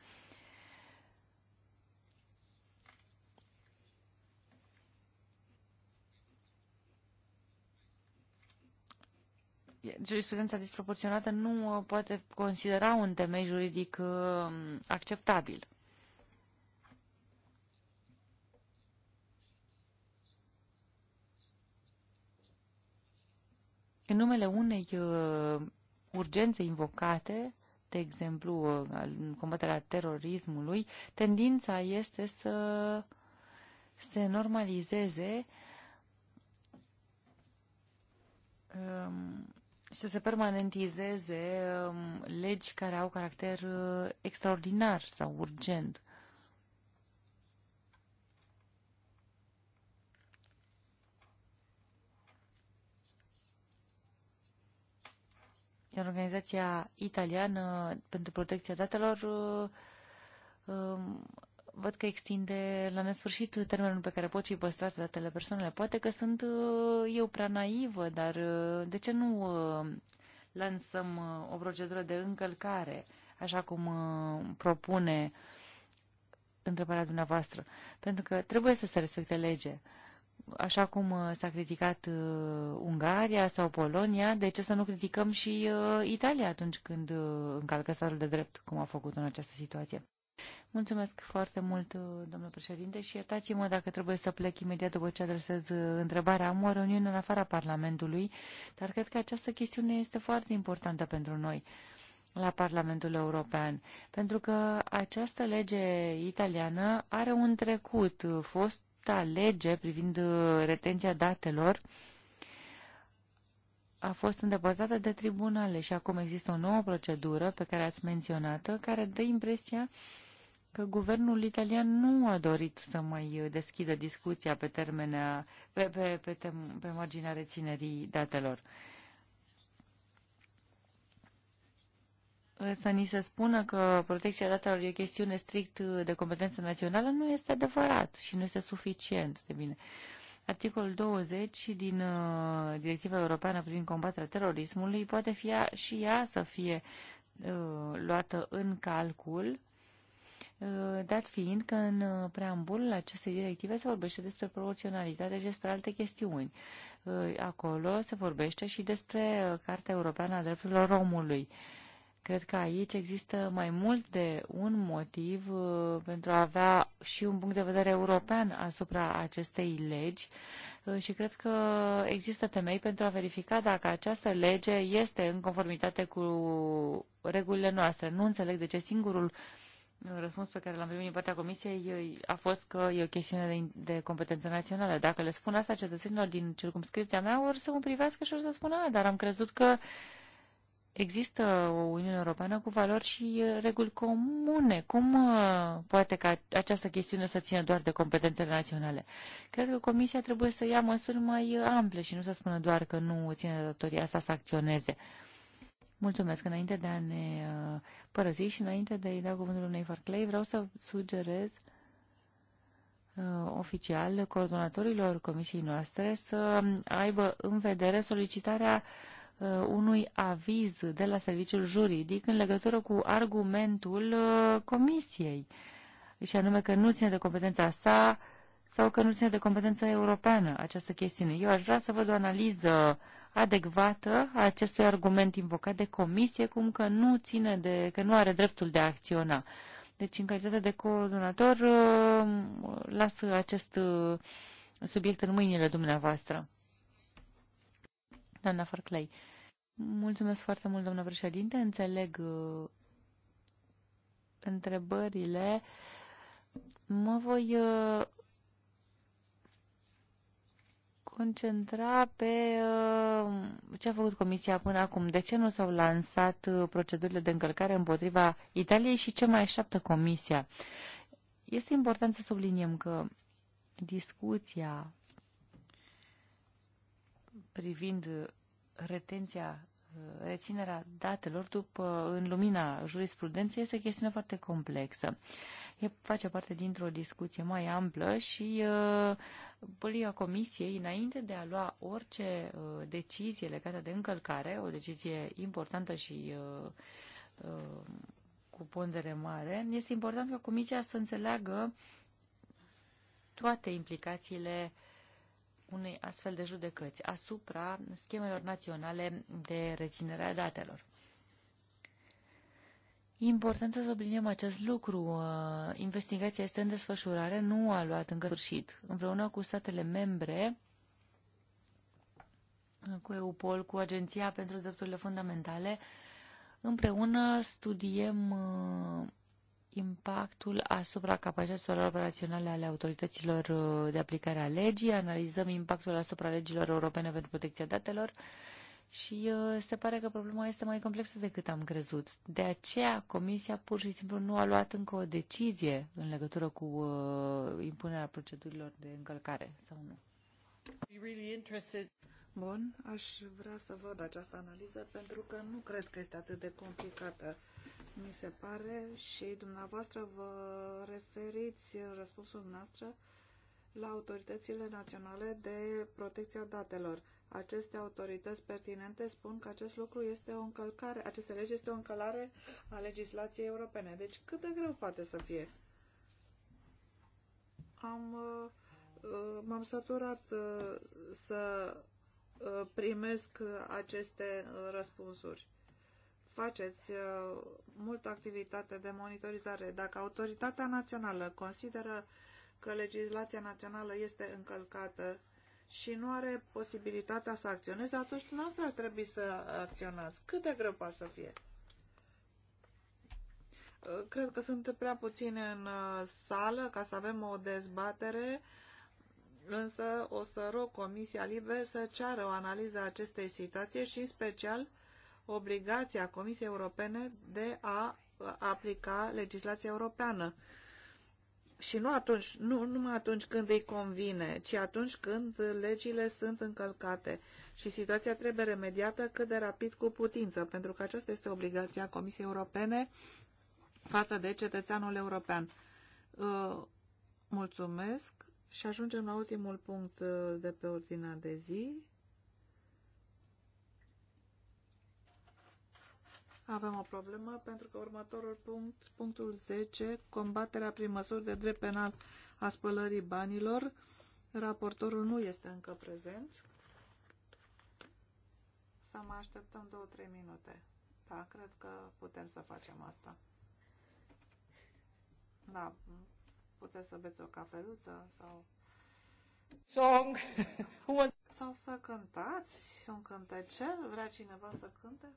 jurisprudența disproporționată nu uh, poate considera un temei juridic uh, acceptabil. În numele unei uh, urgențe invocate, de exemplu, în combaterea terorismului, tendința este să se normalizeze um, să se permanentizeze um, legi care au caracter uh, extraordinar sau urgent. Iar organizația italiană pentru protecția datelor uh, um, văd că extinde la nesfârșit termenul pe care pot fi păstrate datele persoanele Poate că sunt uh, eu prea naivă, dar uh, de ce nu uh, lansăm o procedură de încălcare, așa cum propune întrebarea dumneavoastră? Pentru că trebuie să se respecte lege. Așa cum s-a criticat Ungaria sau Polonia, de ce să nu criticăm și Italia atunci când încalcă statul de drept, cum a făcut în această situație? Mulțumesc foarte mult, domnule președinte, și iertați-mă dacă trebuie să plec imediat după ce adresez uh, întrebarea. Am o reuniune în afara Parlamentului, dar cred că această chestiune este foarte importantă pentru noi la Parlamentul European, pentru că această lege italiană are un trecut, uh, fosta lege privind uh, retenția datelor, a fost îndepărtată de tribunale și acum există o nouă procedură pe care ați menționat-o, care dă impresia că guvernul italian nu a dorit să mai deschidă discuția pe, termenea, pe, pe, pe, tem, pe marginea reținerii datelor. Să ni se spună că protecția datelor e o chestiune strict de competență națională nu este adevărat și nu este suficient de bine. Articolul 20 din uh, Directiva Europeană privind combaterea terorismului poate fi a, și ea să fie uh, luată în calcul Uh, dat fiind că în uh, preambulul acestei directive se vorbește despre proporționalitate și despre alte chestiuni. Uh, acolo se vorbește și despre Cartea Europeană a Drepturilor Omului. Cred că aici există mai mult de un motiv pentru a avea și un punct de vedere european asupra acestei legi și cred că există temei pentru a verifica dacă această lege este în conformitate cu regulile noastre. Nu înțeleg de ce singurul uh, răspuns pe care l-am primit din partea Comisiei a fost că e o chestiune de, de competență națională. Dacă le spun asta cetățenilor din circumscripția mea, ori să mă privească și o să spună, dar am crezut că există o Uniune Europeană cu valori și reguli comune. Cum poate ca această chestiune să țină doar de competențele naționale? Cred că Comisia trebuie să ia măsuri mai ample și nu să spună doar că nu ține datoria asta să acționeze. Uh, Mulțumesc. Înainte de a ne uh, părăsi și înainte de a-i da cuvântul unei Farclay, vreau să sugerez uh, oficial coordonatorilor comisiei noastre să aibă în vedere solicitarea uh, unui aviz de la serviciul juridic în legătură cu argumentul comisiei și anume că nu ține de competența sa sau că nu ține de competența europeană această chestiune. Eu aș vrea să văd o analiză uh, adecvată a acestui argument invocat de comisie, cum că nu ține de, că nu are dreptul de a acționa. Deci, în calitate de coordonator, uh, las acest uh, subiect în mâinile dumneavoastră. Doamna Farclay, mulțumesc foarte mult, doamna președinte. Înțeleg uh, întrebările. Mă voi concentra pe uh, ce a făcut Comisia până acum. De ce nu s-au lansat uh, procedurile de încălcare împotriva Italiei și ce mai așteaptă Comisia? Este important să subliniem că discuția privind uh, retenția, reținerea datelor după, în lumina jurisprudenței este o chestiune foarte complexă. Uh, e, face parte dintr-o discuție mai amplă și uh, pălia comisiei, înainte de a lua orice uh, decizie legată de încălcare, o decizie importantă și uh, cu pondere mare, este important ca comisia să înțeleagă toate implicațiile unei astfel de judecăți asupra schemelor naționale de reținere a datelor important să subliniem acest lucru. Uh, investigația este în desfășurare, nu a luat încă sfârșit. Împreună cu statele membre, cu EUPOL, cu Agenția pentru Drepturile Fundamentale, împreună studiem uh, impactul asupra capacităților operaționale ale autorităților uh, de aplicare a legii, analizăm impactul asupra legilor europene pentru protecția datelor, și uh, se pare că problema este mai complexă decât am crezut. De aceea, Comisia pur și simplu nu a luat încă o decizie în legătură cu uh, impunerea procedurilor de încălcare sau nu. Bun, aș vrea să văd această analiză pentru că nu cred că este atât de complicată. Mi se pare și dumneavoastră vă referiți răspunsul noastră la autoritățile naționale de protecția datelor aceste autorități pertinente spun că acest lucru este o încălcare, aceste lege este o încălare a legislației europene. Deci cât de greu poate să fie? Am, uh, m-am săturat uh, să uh, primesc aceste răspunsuri. Faceți multă activitate de monitorizare. Dacă autoritatea națională consideră că legislația națională este încălcată și nu are posibilitatea să acționeze, atunci dumneavoastră ar trebui să acționați. Cât de greu poate să fie? Uh, cred că sunt prea puține în uh, sală ca să avem o dezbatere, însă o să rog Comisia Libe să ceară o analiză a acestei situații și, în special, obligația Comisiei Europene de a uh, aplica legislația europeană și nu atunci, nu numai atunci când îi convine, ci atunci când legile sunt încălcate și situația trebuie remediată cât de rapid cu putință, pentru că aceasta este obligația Comisiei Europene față de cetățeanul european. Uh, mulțumesc și ajungem la ultimul punct uh, de pe ordinea de zi, Avem o problemă pentru că următorul punct, punctul 10, combaterea prin măsuri de drept penal a spălării banilor. Raportorul nu este încă prezent. Să mai așteptăm 2-3 minute. Da, cred că putem să facem asta. Da, puteți să beți o cafeluță sau... Song! (laughs) sau să cântați un cântecel? Vrea cineva să cânte?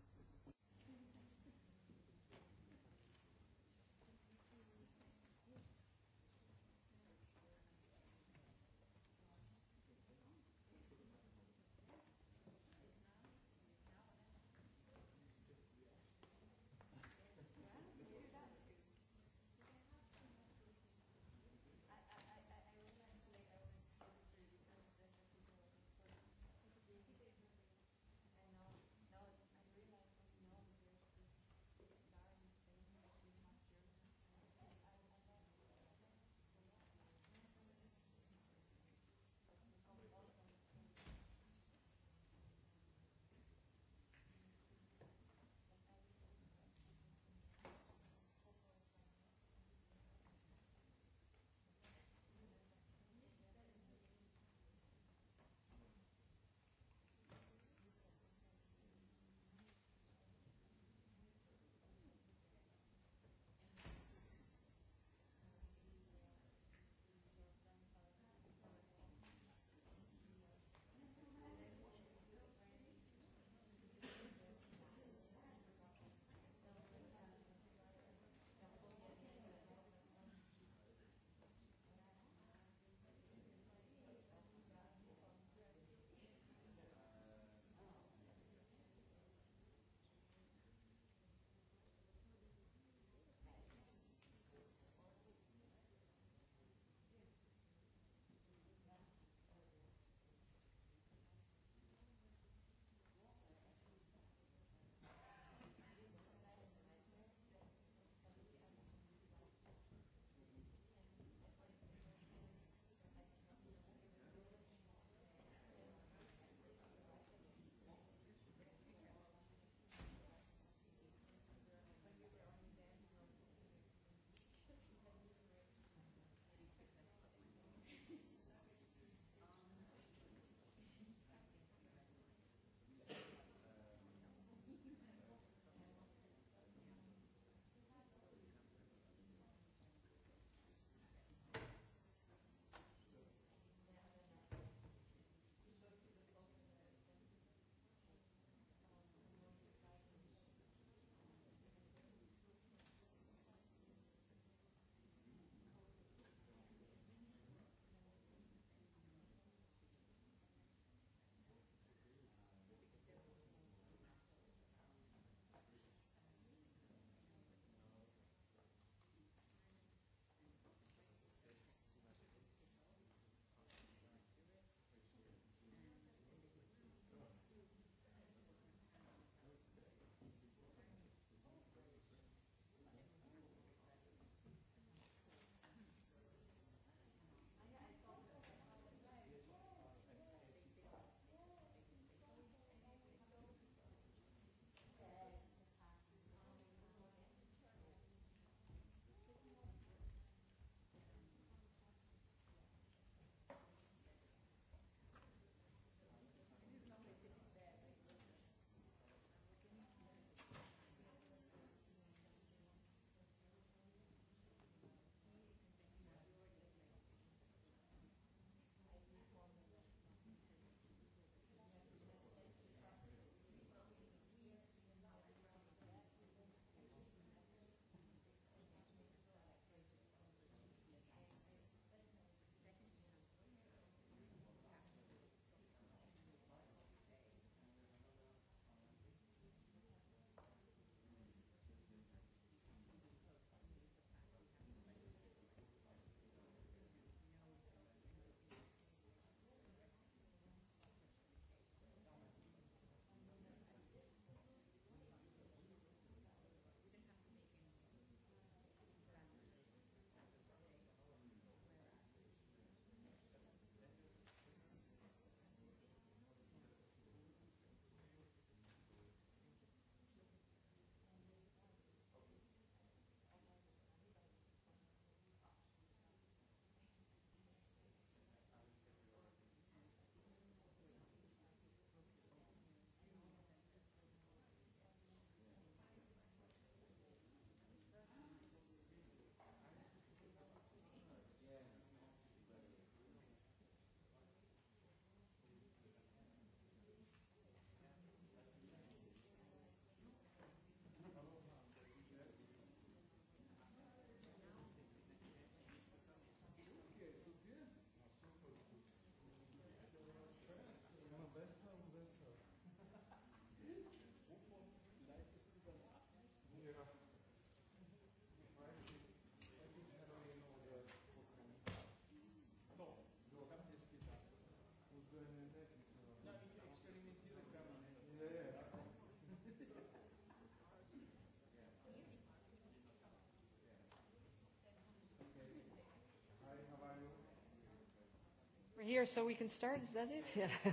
here so we can start, is that it? (laughs) Yeah.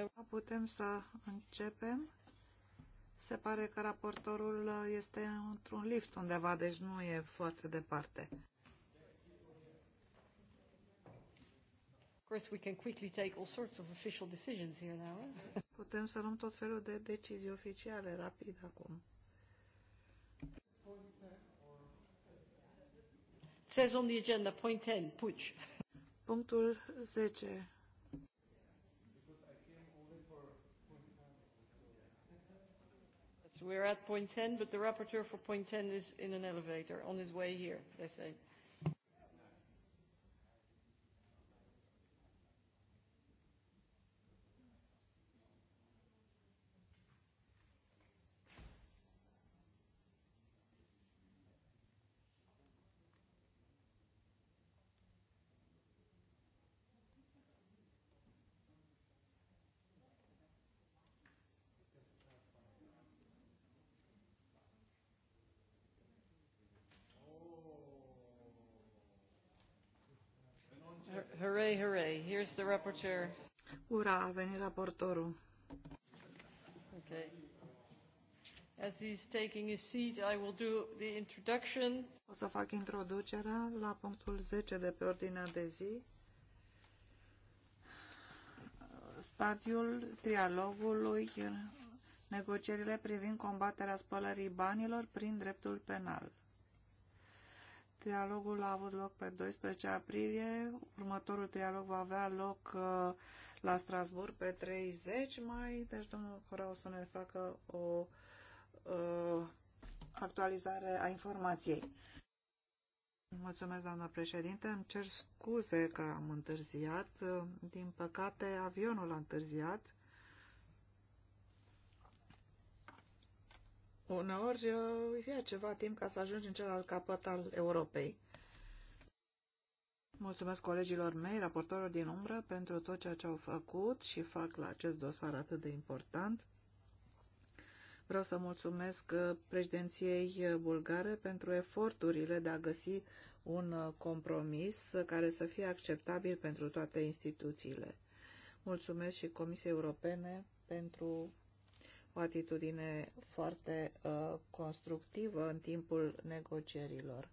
(laughs) Putem să începem. Se pare că raportorul este într-un lift undeva, deci nu e foarte departe. Of course, we can quickly take all sorts of official decisions here now. (laughs) Putem să luăm tot felul de decizii oficiale rapid acum. It says on the agenda, point 10, putsch. Punctul 10. We're at point 10, but the rapporteur for point 10 is in an elevator on his way here, they say. Hooray, hooray. Here's the rapporteur. Ura, a venit raportorul. Okay. As he's taking his seat, I will do the introduction. O să fac introducerea la punctul 10 de pe ordinea de zi. Stadiul trialogului, negocierile privind combaterea spălării banilor prin dreptul penal. Trialogul a avut loc pe 12 aprilie, următorul trialog va avea loc uh, la Strasburg pe 30 mai, deci domnul Corau o să ne facă o uh, actualizare a informației. Mulțumesc, doamnă președinte. Îmi cer scuze că am întârziat. Din păcate, avionul a întârziat uneori uh, ia ceva timp ca să ajungi în celălalt capăt al Europei. Mulțumesc colegilor mei, raportorilor din umbră, pentru tot ceea ce au făcut și fac la acest dosar atât de important. Vreau să mulțumesc uh, președinției uh, bulgare pentru eforturile de a găsi un compromis care să fie acceptabil pentru toate instituțiile. Mulțumesc și Comisiei Europene pentru o atitudine foarte uh, constructivă în timpul negocierilor.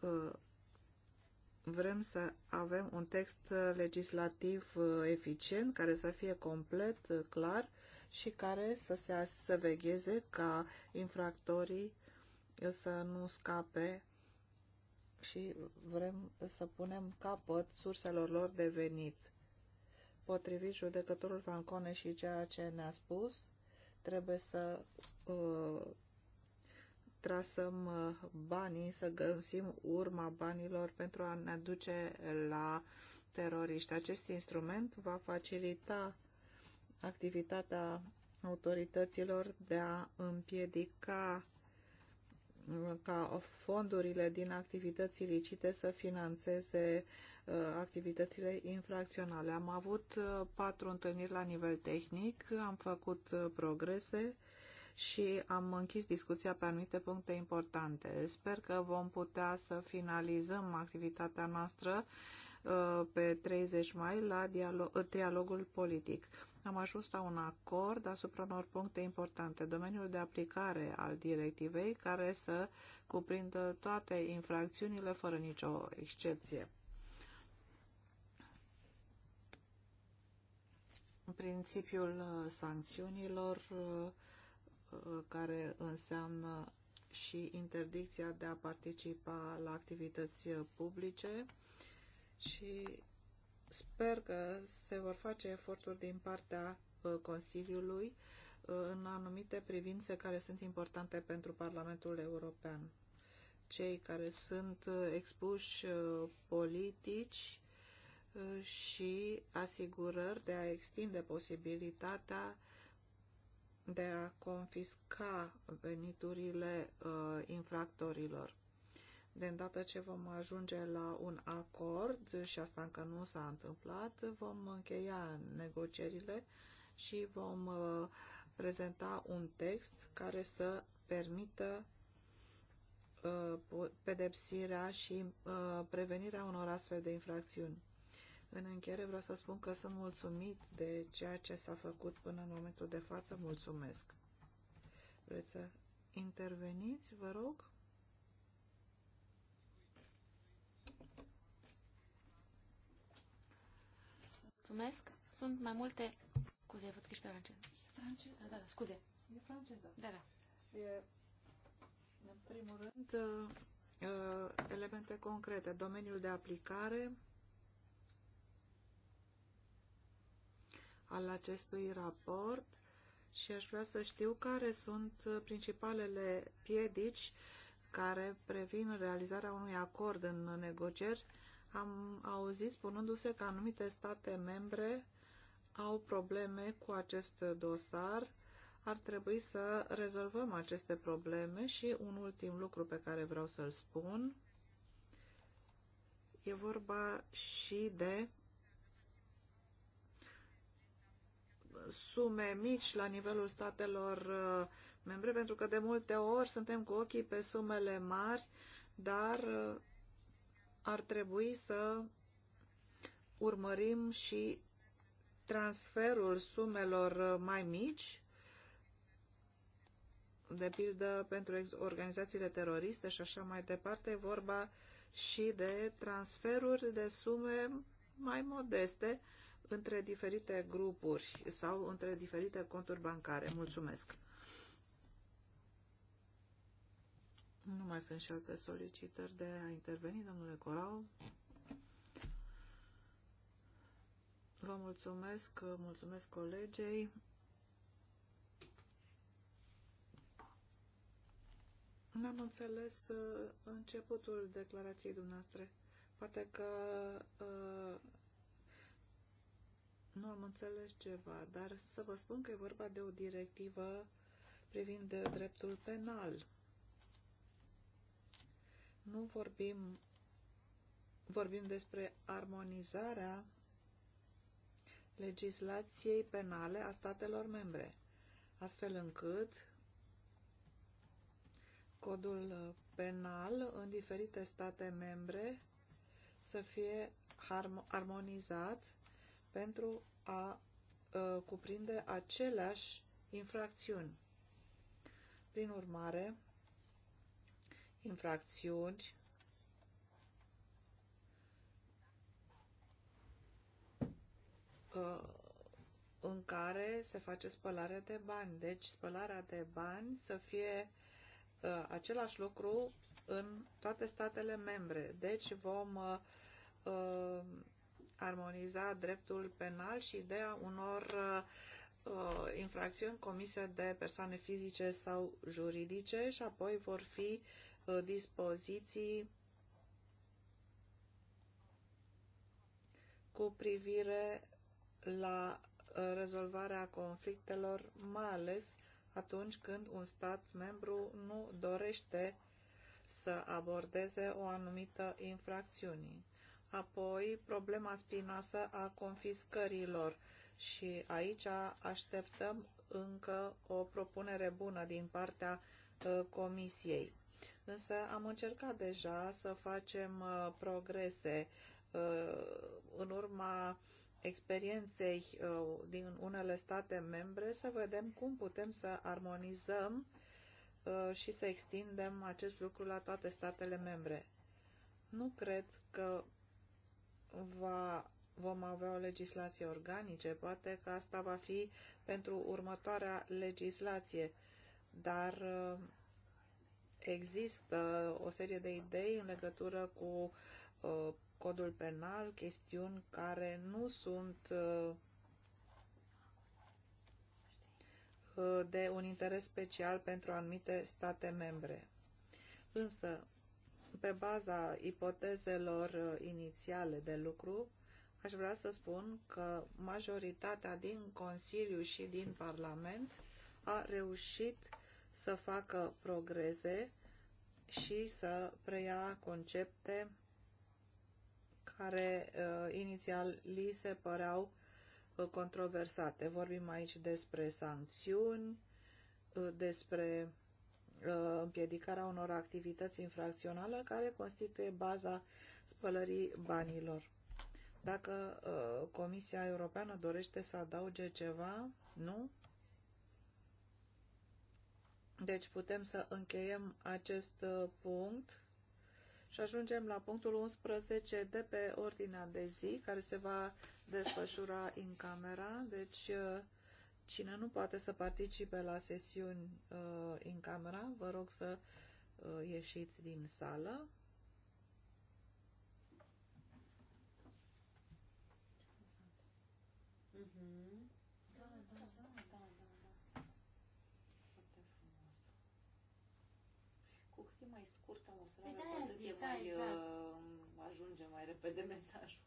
Uh, vrem să avem un text uh, legislativ uh, eficient, care să fie complet uh, clar și care să se să vegheze ca infractorii să nu scape și vrem să punem capăt surselor lor de venit. Potrivit judecătorul Fancone și ceea ce ne-a spus, trebuie să uh, trasăm uh, banii, să găsim urma banilor pentru a ne aduce la teroriști. Acest instrument va facilita activitatea autorităților de a împiedica uh, ca fondurile din activități ilicite să financeze Uh, activitățile infracționale. Am avut uh, patru întâlniri la nivel tehnic, am făcut uh, progrese și am închis discuția pe anumite puncte importante. Sper că vom putea să finalizăm activitatea noastră pe 30 mai la dialog, trialogul politic. Am ajuns la un acord asupra unor puncte importante. Domeniul de aplicare al directivei care să cuprindă toate infracțiunile fără nicio excepție. principiul uh, sancțiunilor uh, uh, care înseamnă și interdicția de a participa la activități publice și sper că se vor face eforturi din partea Consiliului în anumite privințe care sunt importante pentru Parlamentul European. Cei care sunt expuși politici și asigurări de a extinde posibilitatea de a confisca veniturile uh, infractorilor. De îndată ce vom ajunge la un acord, și asta încă nu s-a întâmplat, vom încheia negocierile și vom uh, prezenta un text care să permită uh, pedepsirea și uh, prevenirea unor astfel de infracțiuni. În încheiere vreau să spun că sunt mulțumit de ceea ce s-a făcut până în momentul de față. Mulțumesc. Vreți să interveniți, vă rog? Mulțumesc. Sunt mai multe... Scuze, văd că ești pe franceză. E franceză? Da, da, scuze. E franceză. Da, da. E, în primul rând, uh, elemente concrete. Domeniul de aplicare, al acestui raport și aș vrea să știu care sunt principalele piedici care previn realizarea unui acord în negocieri. Am auzit spunându-se că anumite state membre au probleme cu acest dosar. Ar trebui să rezolvăm aceste probleme și un ultim lucru pe care vreau să-l spun. E vorba și de sume mici la nivelul statelor uh, membre, pentru că de multe ori suntem cu ochii pe sumele mari, dar uh, ar trebui să urmărim și transferul sumelor uh, mai mici, de pildă pentru organizațiile teroriste și așa mai departe, vorba și de transferuri de sume mai modeste, între diferite grupuri sau între diferite conturi bancare. Mulțumesc! Nu mai sunt și alte solicitări de a interveni, domnule Corau. Vă mulțumesc, mulțumesc colegei. N-am înțeles uh, începutul declarației dumneavoastră. Poate că uh, nu am înțeles ceva, dar să vă spun că e vorba de o directivă privind de dreptul penal. Nu vorbim, vorbim despre armonizarea legislației penale a statelor membre, astfel încât codul penal în diferite state membre să fie armonizat pentru a uh, cuprinde aceleași infracțiuni. Prin urmare, infracțiuni ă, în care se face spălare de bani. Deci spălarea de bani să fie uh, același lucru în toate statele membre. Deci vom uh, armoniza dreptul penal și ideea unor uh, infracțiuni comise de persoane fizice sau juridice și apoi vor fi uh, dispoziții cu privire la uh, rezolvarea conflictelor, mai ales atunci când un stat membru nu dorește să abordeze o anumită infracțiune. Apoi, problema spinoasă a confiscărilor și aici așteptăm încă o propunere bună din partea ă, Comisiei. Însă am încercat deja să facem ă, progrese ă, în urma experienței din unele state membre să vedem cum putem să armonizăm și să extindem acest lucru la toate statele membre. Nu cred că va, vom avea o legislație organice, poate că asta va fi pentru următoarea legislație, dar uh, există o serie de idei în legătură cu uh, codul penal, chestiuni care nu sunt uh, de un interes special pentru anumite state membre. Însă, pe baza ipotezelor uh, inițiale de lucru, aș vrea să spun că majoritatea din Consiliu și din Parlament a reușit să facă progrese și să preia concepte care uh, inițial li se păreau uh, controversate. Vorbim aici despre sancțiuni, uh, despre Uh, împiedicarea unor activități infracționale care constituie baza spălării banilor. Dacă uh, Comisia Europeană dorește să adauge ceva, nu? Deci putem să încheiem acest uh, punct și ajungem la punctul 11 de pe ordinea de zi, care se va desfășura în camera. Deci Cine nu poate să participe la sesiuni uh, în uh, camera, vă rog să uh, ieșiți din sală. Cu cât e mai scurtă măsurarea, păi cu atât mai, da, exact. Uh, ajunge mai repede mesajul.